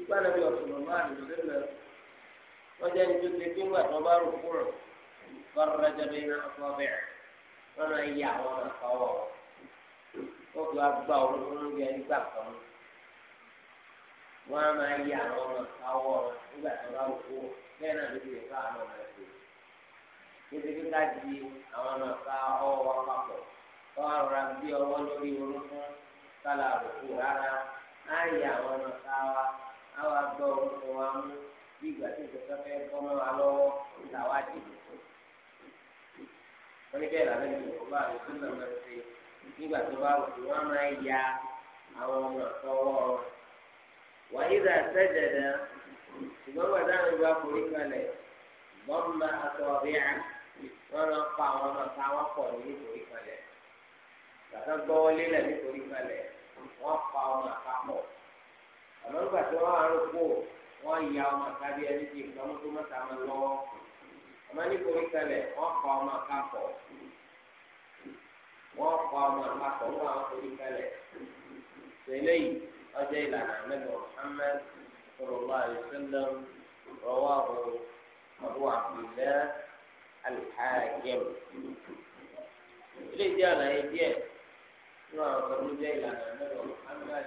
ìgbà nàbí ọ̀sùn ọ̀mọ́ àdìsílẹ̀ wọ́n jẹ́ ní tó ṣe kí ńgbà tó bá rò kúrò fọ́nrẹ́jẹ́ bí iná ọ̀fọ́ bẹ̀rẹ̀ wọ́n máa yẹ àwọn àkọ́wọ́ wọ́n fi gba nígbà kan wọ́n á máa àwọn àkọ́wọ́ nígbà tó bá rò bẹ́ẹ̀ náà àwọn di àwọn papọ̀ bí ọwọ́ lórí kálá rárá á àwọn Awa àgbọ̀ orúkọ wa mú bí ìgbà tí ìjọba fẹ́ kọ́ mọ́ wa lọ́wọ́ làwọn àdìgbò tó. wọ́n ní bẹ́ẹ̀ làbẹ́ mi ò bá àwọn tó lọ nígbà tó bá wù wọ́n máa ya àwọn ọmọ àtọwọ́ wọn. wàyí dà ṣùgbọ́n gbàdá mi bá forí kalẹ̀ aṣọ à wọ́n pa àmọ́ nígbà tí wọ́n á rúkú wọ́n ya ọmọ kábí ẹni tí ìgbà mọ́tò mọ́ta máa lọ́wọ́ àmọ́ ní korí kalẹ̀ wọ́n kọ́ ọmọ kápọ̀ wọ́n kọ́ ọmọ kápọ̀ wọ́n àwọn korí kalẹ̀ tẹ́lẹ̀ yìí ọjọ́ ìlànà mẹ́lẹ̀ Muhammad sallallahu alaihi wasallam rawahu Abu Abdillah al-Hakim ilé ìdí àlàyé díẹ̀ nínú àwọn ọ̀sán ló ìlànà mẹ́lẹ̀ Muhammad.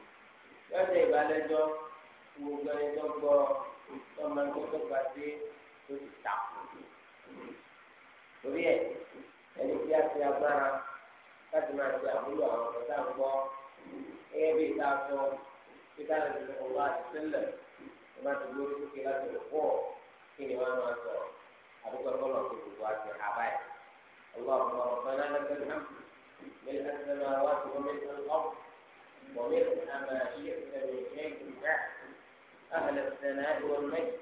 lọ́sẹ̀ ìbálẹ́jọ́ gbogbo ẹni tó gbọ́ ọmọ ẹni tó gbà dé tó ti tà torí ẹ ẹni tí a ti agbára láti máa ṣe àmúlò àwọn ọ̀gá ń gbọ́ gẹ́gẹ́ bí ìta sọ títà lè fi ọwọ́ àti sílẹ̀ ẹ má ti lórí sókè láti lè pọ̀ kí ni wọ́n máa sọ̀rọ̀ àdúgbò ọlọ́run tó gbogbo àti àbá ẹ̀ ọlọ́run ọ̀gbọ́n náà lọ́sẹ̀ náà mi lè ṣe máa wá sí omi ìṣẹ́ lọ́wọ́. ومنها ما شئت من شيء بعد أهل الثناء والمجد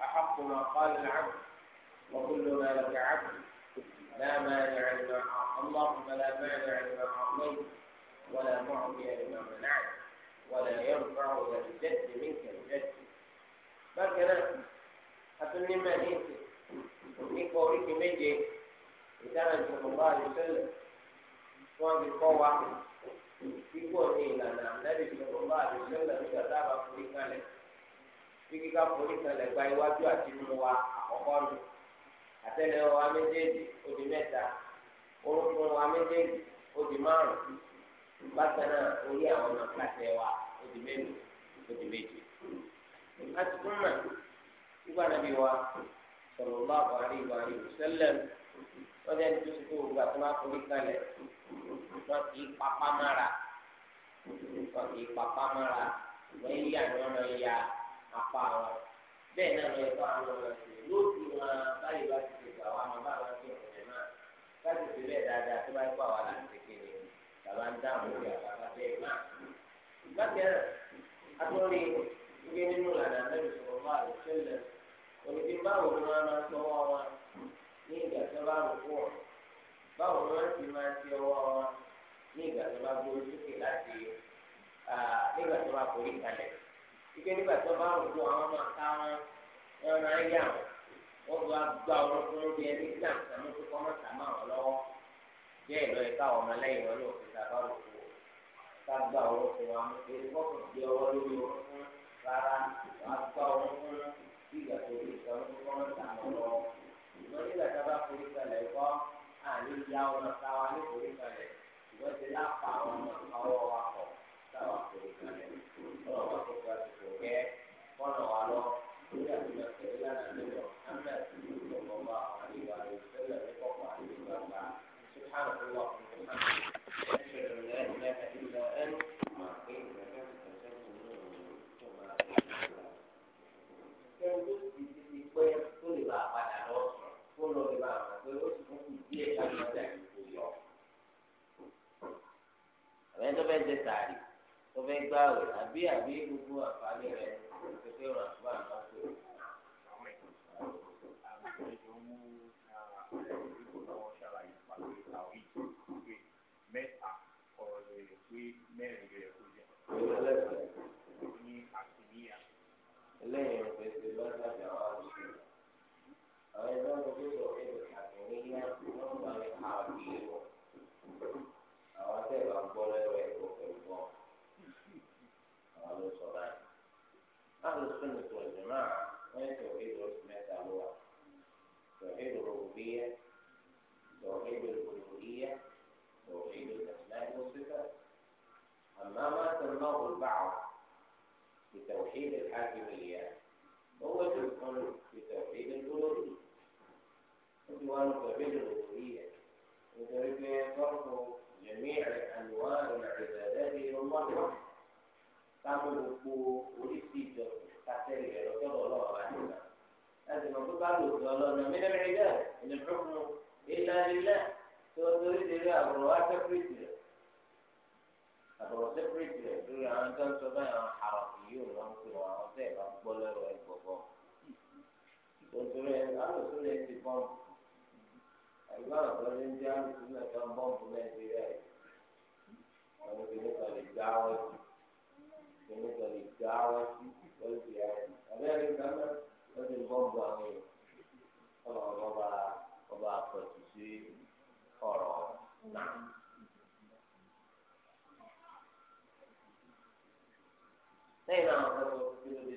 أحق ما قال العبد وكل ما لك عبد لا مانع لما اللهم لا مانع لما أعطيت ولا معطي لما منعت ولا ينفع ذا الجد منك الجد بكنا أتني ما نيتي ní kọrí ti méje ìdáhùn ìṣòro bá àdìsẹ́lẹ̀ wọ́n kíkọ́ ní ìlànà àmì ìṣòro àdìsẹ́lẹ̀ nígbà tá a bá forí kalẹ̀ bí kíkà forí kalẹ̀ gba iwájú àti inú wa àkọ́kọ́ nù àtẹ́lẹ̀ wa méjèèjì ó di mẹ́ta orúkún wa méjèèjì ó di márùn bákan náà orí àwọn ọmọ pàṣẹ wa ó di mélòó ó di méje. láti tún mọ̀ wa sọ̀rọ̀ bá wàhálì wàhálì sẹ́lẹ̀ wọ́n tó ti tó gbà tó má wọn kì í papá mára wọn kì í papá mára wọn yí àwọn ọmọ ya apá wọn bẹ́ẹ̀ náà lọ ẹ̀kọ́ àwọn ọmọ ẹsẹ lóòtú wọn báyìí bá ti tètè àwọn ọmọ bá wọn ti rìn náà bá ti tètè bẹ́ẹ̀ dáadáa tó bá kó àwọn àlàyé kékeré bàbá ń dáhùn lórí àbábá bẹ́ẹ̀ náà bákan náà atọ́rí ìgbé nínú ìlànà lẹ́yìn sọ̀rọ̀ máa lè ṣẹlẹ̀ òní báwo ni wọ́n máa tọwọ́ wọn ní ìgbà tó bá rò pọ̀ báwo ni wọ́n ti máa ti ọwọ́ wọn ní tó bá gbé orí sókè láti nígbà tó bá forí kalẹ̀ ike nígbà tó bá rò tó àwọn máa ká wọn wọn máa yà wọn wọn bá gba ọ̀rọ̀ fún orí ẹni tí à tó kọ́ mọ́ta máa wọn lọ́wọ́ bẹ́ẹ̀ lọ ẹ̀ka ọmọ lẹ́yìn wọn ló fi sábà rò ká gba ọ̀rọ̀ fún wa èyí wọ́n ọwọ́ lórí ọ̀rọ̀ fún rárá wọn gba ọ̀rọ̀ fún ìgbà tó tó kọ́ mọ́ta wọn lọ́wọ́ ìgbà Kalau aku kasih fẹ́ jẹ sàárì tó fẹ́ gbá àwẹ̀ àbí àbí gbogbo àǹfààní rẹ̀ tó fẹ́ ràn fún àwọn àpò. mẹ́ta ọ̀rọ̀ lè pé mẹ́rin rẹ̀ kó jẹ́. ní àtìníyà. ẹlẹ́yìn ọ̀pẹ̀ ṣe lọ́sàbí àwọn àṣìṣe àwọn ẹgbẹ́ wọn tó sọ pé. الربوبية توحيد الألوهية توحيد الأسماء والصفات أما ما سماه البعض بتوحيد الحاكمية هو بتوحيد الألوهية وجوان توحيد الألوهية وذلك فرض جميع أنواع العبادات إلى الله تعمل ولسي تحتاج إلى كذا الله láti mọ̀ pé bá lò lọ lọ́nà mílẹ̀ mílẹ̀ ìlú fúnfún ìlà lílẹ̀ tó torí délé àbúrò wá sẹ́kúrìtì rẹ̀ àbúrò sẹ́kúrìtì rẹ̀ lórí àwọn tó ń sọ báyìí àwọn àrò yìí ò lọ́n pè wọ́n àwọn tẹ́ ẹ̀ bá gbọ́ lọ́rọ̀ ẹ̀ gbọ̀gbọ́. tòtòrò ẹ̀ lè ti bọ́ǹbù àgbà ọ̀dọ́ ń jẹ́ alòsó lè ti bọ́ǹbù nàìjíríà yìí wọ́n ti mọ́ bu àwọn èèyàn ọlọ́run ọba ọba àpọ̀jù sí ọ̀rọ̀ náà. lẹ́yìn náà wọ́n fẹ́ lọ sí lóde.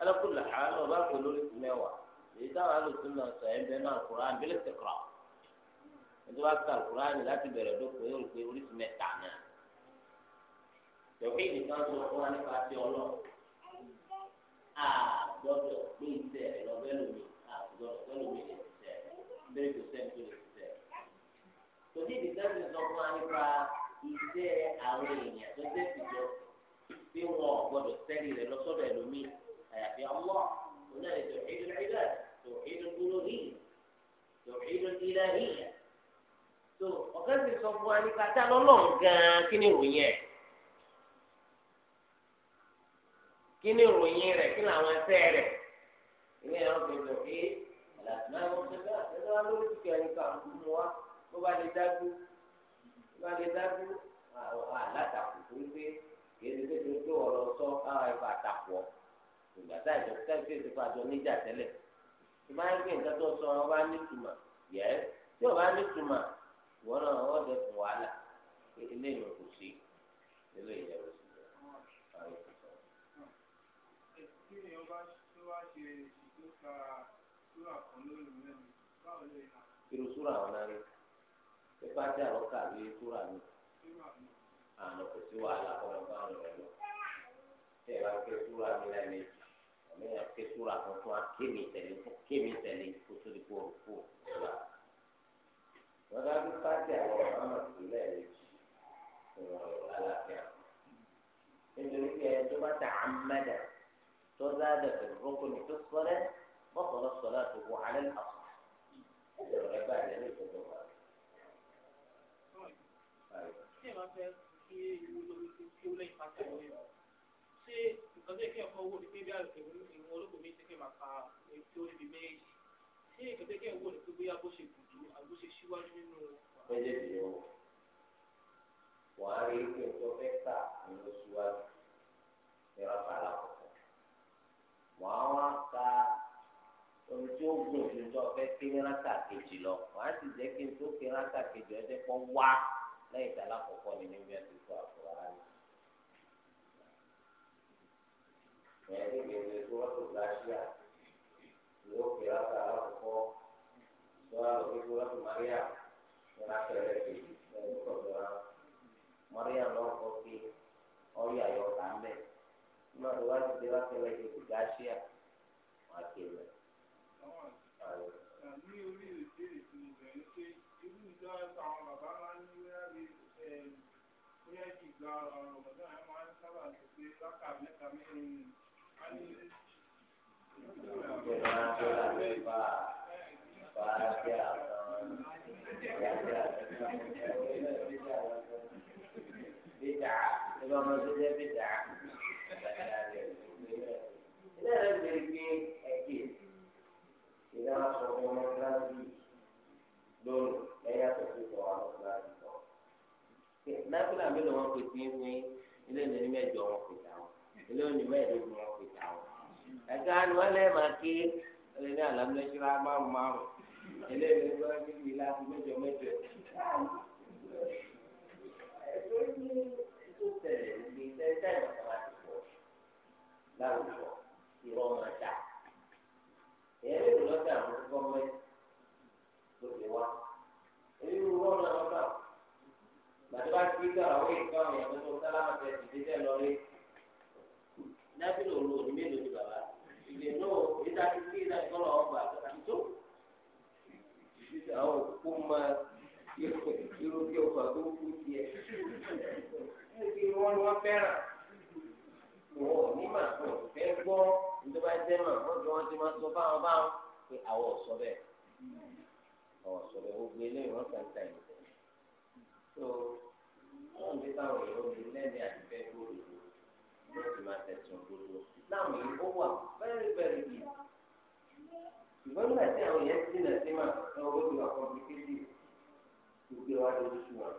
alákùlà àánú ọba kò lórí ti mẹ́wàá èyí táwọn alùpùpù náà sọ ẹ̀ ń bẹ náà kúránì bí lẹ́sẹ̀ kúrọ̀ nítorí wàá kà kúránì láti bẹ̀rẹ̀ dókòó yóò rí pé oríṣi mẹ́ta náà tẹ̀wé nìkan sọ fún wa nípa ti ọlọ́ a gbọ́dọ̀ gbé ìtẹ̀ lọ́bẹ̀ lómi a gbọ́dọ̀ gbé lómi lè ti tẹ̀ bẹ́ẹ̀ tó sẹ́ni tó lè ti tẹ̀ tòdí ìdíkà ti sọ fún wa nípa iṣẹ́ àwọn èèyàn tó tẹ̀sí jọ bí wọn gbọdọ̀ sẹ́rí rẹ̀ lọ́sọ̀dọ̀ ẹlòmíì àyàfi ọlọ́ òun náà lè tó ìdúró ìlà tó ìdúró dúró hìyà tó ìdúró ìlà hìyà tó ọ̀gá ti sọ fún wa nípa tá lọ́lọ́ gan-an kí ni ìròyìn ẹ̀ kí ni ìròyìn rẹ̀ kí làwọn ẹsẹ̀ rẹ̀ ilé yẹn wọ́n fi lọ pé àlàfíà wọn ṣẹlẹ̀ àtẹ̀lẹ́ wọn lórí ti kẹrin kan mú wa bó bá lè dájú. wọ́n lè dájú àlàtàkù tó ń gbé kéde pé tó ọ̀rọ̀ sọ káwa ìfà àtàkù ìgbà tá ìjọ tá ìjọ ìjọ àjọ níjà tẹ́lẹ̀ tí máa ń gbé nǹkan tó sọ ní yẹ tí ní náà dẹ fún wàhálà eléyìí kò sí pípa tí àlọ́kà àbí túrà mi àná kò sí wàhálà kọ́ lọ́ba àrùn rẹ̀ lọ. tí ẹ bá ké túrà mi lẹ́ẹ̀mejì àmì ẹ ké túrà kan fún akémi tẹ̀lé kémi tẹ̀lé kó tó di kó kó túrà. wọ́n dá pípa tí àwọn ọ̀rọ̀ àmọ̀ sí lẹ́ẹ̀mejì fún ọ̀rọ̀ aláfíà. nítorí pé ẹni tó bá ta àmàdà tó dáadáa fẹ̀ rọ́kò ní tó tí ẹ máa fẹ́ kí ewu lórí tó kí ó lẹ́yìn pátá ìwé rẹ̀ ṣé nǹkan tó yẹ kí ẹ fọwọ́ ní pé bí àlùkò ìwọ̀n olóko mi ti kí máa ka ètò oríbi méjì ṣé nǹkan tó yẹ kí ẹ wọ̀ ní pé bóyá bó ṣe gùdù àbó ṣe síwájú nínú. méjì ni o wàá rí pé tó fẹ́ kà ní ló síwájú ní rábà alákọ̀ọ́kọ́ wàá wá ka ohun tí ó gùn ju tó fẹ́ kí ní rákà kejì lọ wàá sì jẹ́ kí n tó kí rákà kejì ọjọ́ kan wá lẹ́yìn tí alákọ̀ọ́kọ́ ni níbi ẹ̀sìn tó àkùrán. Ìyẹn ní gbèsè tó wọ́n tó gbàṣíà ló fi rákà alákọ̀ọ́kọ́ tó wà lókè tó wọ́n tó Maria ní rákà ẹlẹ́kẹ̀ lẹ́yìn tó kọjọ rán. lọ́wọ́ kọ́ pé ọ̀yà yọ ọ̀tá ń bẹ̀. Nígbà tó wá ti dé rákà ẹlẹ́kẹ̀ tó gbàṣíà wọ́n á kéwẹ̀. Ní orí ìbéèrè tí méjì gba ọ̀rọ̀ ọ̀dọ́ ẹ̀ máa ń sábà lè pé láka mẹ́ta mẹ́rin a ní bídà ìlú ọmọ tó jẹ bídà ilé rẹ bèrè pé ẹ kéèsì ìdára sọ fún ọmọ kíláàsì yìí. mélòó wọn pè sí fún yín ilé ìlú ní mẹ́jọ wọn pè tà wọn ilé ìlú ní mẹ́ẹ̀ẹ́dógún wọn pè tà wọn. ẹ̀ka ni wọ́n lé máa ké ẹ̀rẹ́ ní àlámúlẹ́síra márùn márùn ilé ìlú ní wọ́n fi wí láti mẹ́jọ mẹ́jọ. láwùjọ ìwọ máa dà èyí ló lọ́jà àwọn gọ́ọ̀mẹ́ntì ló fi wá èyí ló wọ́n náà gbàtí bá ti gbà wọ́n yìí káwọn yẹn tó sálámà tẹ̀ ti dé lọ́lé dájú ló lò ní mélòó ni bàbá ìgbè náà níta ti gbé náà kọ́ lọ́wọ́ gbà àti tó títí àwọn òkú ma irú kí ọkọ̀ tó kú tiẹ̀ kí wọ́n ni wọ́n fẹ́ràn wọ́n ò ní mà tó fẹ́ gbọ́ nítorí bá jẹ́ mà wọ́n ti wọ́n ti máa sọ báwọn báwọn pé àwọn ọ̀sọ́ bẹ́ẹ̀ àwọn ọ̀sọ́ bẹ́ẹ̀ gbogbo eléyìí wọ́n kàn ta ìlú tó wọn bí táwọn èèyàn bí lẹ́ni àdìfẹ́ gbòòrò ló sì máa tẹ̀sán gbòòrò láwọn èèyàn ó wà very very big ṣùgbọ́n nígbà tí àwọn èèyàn ti nà sí máa ẹ owó ti wà kọ́mplikẹ́tì gbogbo wa ló sùn wọn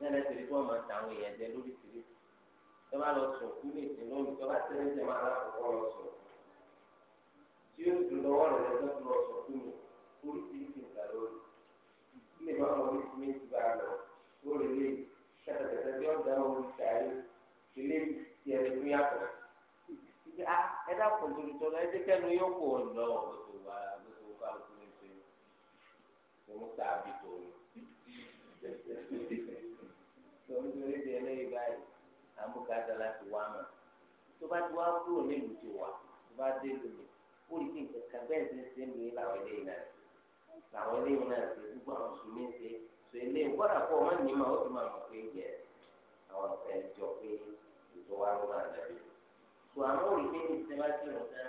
lẹ́nu ẹ̀sìn tí wọ́n máa ta àwọn èèyàn jẹ lórí tìrì tó bá lọ sùn kú ní ìsìn lónìí tó bá tẹ́lẹ̀ tẹ́ máa lákòókò lọ sùn tí ó dùn lọ́wọ́ rẹ̀ lọ́sọ̀tún lọ sùn kú ní orí tìrì tìrì lè má mọ orí mi ti bá a lọ ó lè lè tẹ̀tẹ̀tẹ̀ tí wọ́n dá orí sàárè ilé ti ẹni fún yàtọ̀. ẹ dákun tó tó lọ ẹ jẹ́ kẹ́nu yóò kó o lọ gbogbo wa gbogbo wa ló ti ń ṣe ìmú tàbí tó o. lórí lórí di ẹlẹ́yìí báyìí àmúkàtà láti wá mọ̀ tó bá ti wá kúrò nílùú ti wà tó bá dé lómi ó lè fi nǹkan kan bẹ́ẹ̀ ti ń ṣe é lórí làwọn làwọn eléyìí náà ṣe gbogbo àwọn mùsùlùmí ṣe ṣe eléyìí gbọ́dọ̀ kó ọmọ ní ma ó ti máa mọ̀ pé yẹ àwọn ọ̀sẹ̀ jọ pé ètò wa ló máa dàbí. tó àwọn olùgbé ní ìsinmi ti rùn tán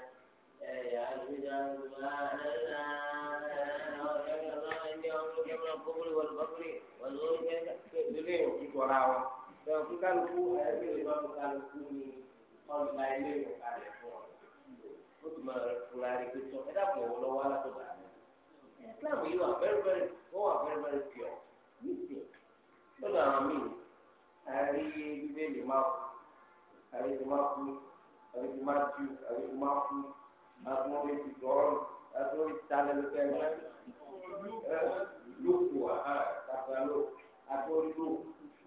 ẹ̀yà àlùmíjà ńlá ńlá kálukú ẹbí lè máa ń kálukú ní ọ̀nà ilé ìwòkàlẹ̀ fún ọ. ó ti máa rẹ̀ fúra rẹ̀ pé sọ ẹ dàpọ̀ wọ́n lọ́wọ́ alákòóbá. Islam yìí wà very very ó wà very very pure nísìnyí lọ́dọ̀ àwọn míì àárí bíbélì máa kú àárí ti máa kú àárí ti máa jù àárí ti máa kú àtúnwó lè ti tọ́ ọ́rùn àtúnwó lè ti tálẹ̀ lókè ẹ̀ lóko àtàkùn àlọ́ àtúnwó lò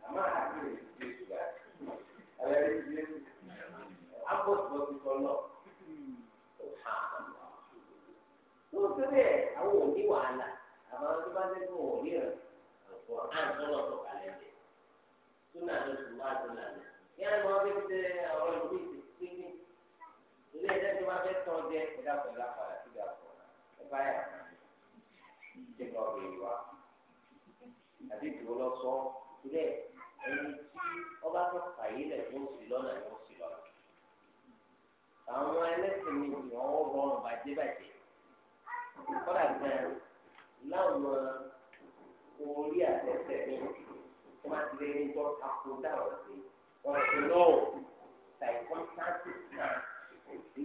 àmọ́ àti lè ti di èsì àti àlẹ́ lè ti di èsì àbọ̀tìbọ̀tì sọ lọ́ọ̀. tó ṣe àwọn òní wàhálà àbáwọn tó bá tẹ́tí òní rẹ̀ ọ̀pọ̀ àǹtọ́nà tó kalẹ̀ tó náà ló sùn wá tó náà ní àwọn bí ṣe ọ̀rọ̀ ìlú ìsìnkú ilé ẹ̀jẹ̀ tó bá fẹ́ tán jẹ ẹ̀dá pẹ̀lú àpàlà sí ìgbà pọ̀ ẹ bá yà ṣe kọ́ ọ̀rọ̀ ìwà àti ìdúró lọ sọ ilé ẹni tí ọba tó fàyè lẹ̀ fún sí lọ́nà ni wọ́n sì lọ́nà. àwọn ẹlẹ́sìn mi kọ́dà gan láwọn orí àtẹ̀tẹ̀ ní kí wọ́n ti lé ní tó takò dáhùn sí ọ̀rọ̀ tó lọ́wọ́ circumstances náà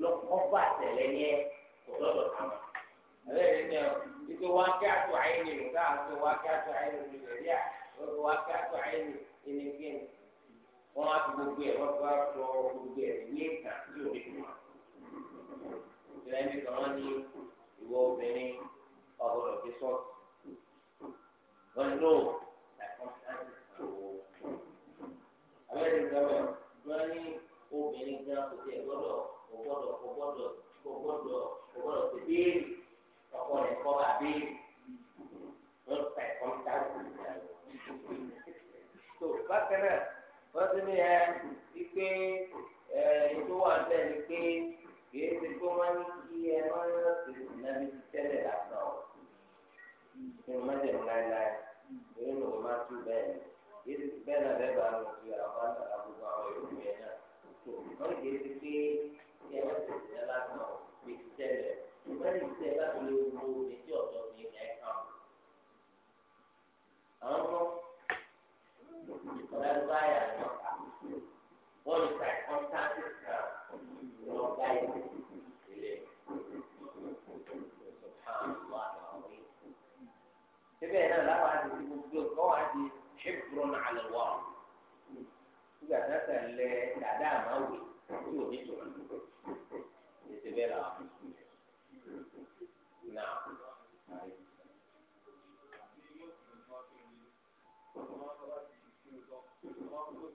lọ́kọ́fà tẹ̀lé yẹn kò lọ́dọ̀ táwọn. Àlẹ́ ní ọ̀ ike wá kí àtọ̀ ayé ni ìgbà àti wá kí àtọ̀ ayé ni Nàìjíríà wá kí àtọ̀ ayé ni Ẹnìkíni. Wọ́n á fi gbogbo ẹ̀ wọ́n bá sọ gbogbo ẹ̀ ní ìgbà tí ò ní kú. Ìrẹ́ni kan wọ́n ní ìwọ obìnrin ọ̀gbọ́dọ̀ fi sọ́ọ̀tù. wọ́n ní lóò circumstances kan wò. abẹ́rẹ́ ìgbàgbọ́ wọ́n ní obìnrin gan kò tiẹ̀ gbọ́dọ̀ kò gbọ́dọ̀ kò gbọ́dọ̀ kò gbọ́dọ̀ kò gbọ́dọ̀ ti béèrè ọkọ rẹ̀ kọ́ bá béèrè. wọ́n circumstances kan wò. tó bákan náà wọ́n ti ní ẹ ipe ẹ ìtòwà bẹ́ẹ̀ ni pé kìí ti kó wọn ní kí ẹ máa ń rántí ìnáwó ti tẹ́lẹ̀ lásán o kí n má jẹ láéláé èyí ni mo máa tún bẹ́ẹ̀ ni kìí ti bẹ́ẹ̀ náà lẹ́bàá lọ sí àwọn àgbàlá gbogbo àwọn èrò yẹn náà tó wọ́n ní kìí ti pé kí ẹ máa tẹ̀sí ní lásán o kìí ti tẹ́lẹ̀ wọ́n ní tẹ́ láti lè wo etí ọ̀dọ́ ní ẹ̀ kàn. àwọn ọmọ ọ̀dà lọ bá yẹn sílẹ̀ subhan allah alazim síbẹ̀ náà láwọn àti ti gbogbo kọ́ wá di hebron alẹ́wà nígbà tá a sàn lẹ dàda àmàwé tí ò ní tòun ètò bẹ́ẹ̀ làwọn náà. Thank you.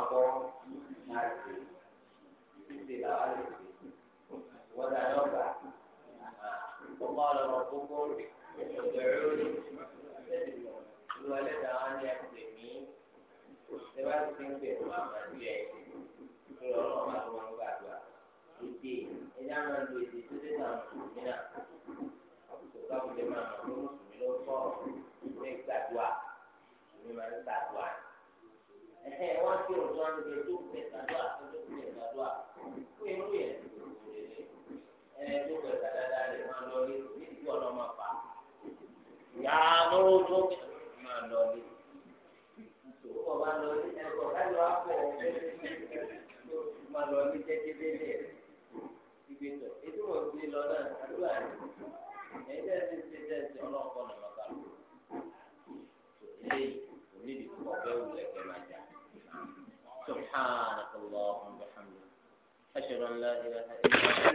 ìyá máa lo èdè tó dé náà mùsùlùmí náà òṣèlú àwùjọ máa mọ̀ mùsùlùmí ló sọ̀rọ̀ ní ìgbàdúrà mùsùlùmí máa ń gbàdúrà gbàdúrà tó tó gbàdúrà fún irú yẹn tó lè máa lọ ní ọ̀nà lóró tó máa lọ ọba lọ máa lọ ìgbésọ ètò wọn gbé lọ náà àdúrà rẹ ẹ̀yìn tẹ ẹsẹ ṣe tẹ ẹsẹ ọlọpọ náà lọkà lọ eléyìí onídìí púpọ̀ bẹ́ẹ̀ wù lẹ́kẹ́ máa jà subhanaka allahumma wa bihamdika ashhadu an la ilaha illa anta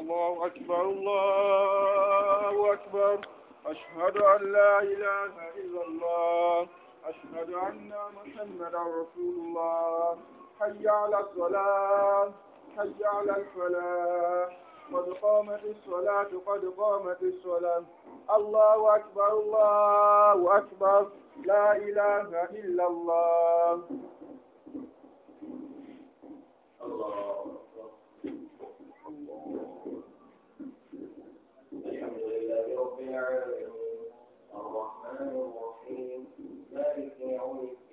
الله أكبر الله أكبر أشهد أن لا إله إلا الله أشهد أن محمدا رسول الله حي على الصلاة حي على الفلاح قد قامت الصلاة قد قامت الصلاة الله أكبر الله أكبر لا إله إلا الله الله الحمد لله رب العالمين الرحمن الرحيم مالك يوم الدين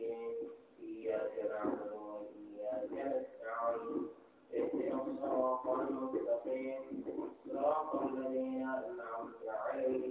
صراط الذين أنعمت عليهم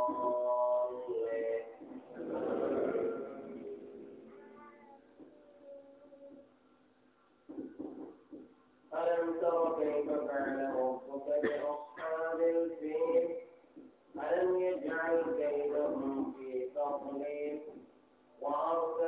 جعل كيدهم في تضليل وأرسل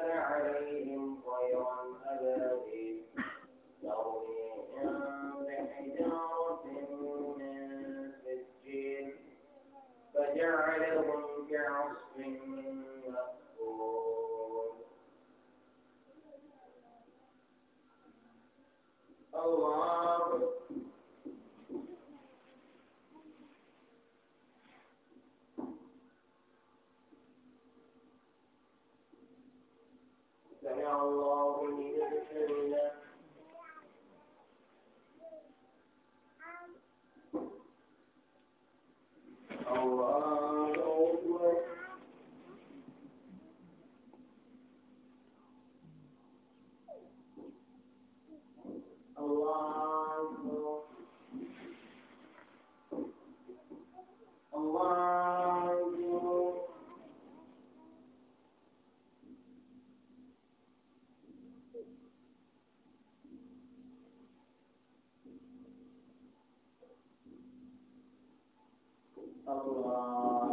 شاء الله ليبتلينا الله أكبر الله أكبر الله Allah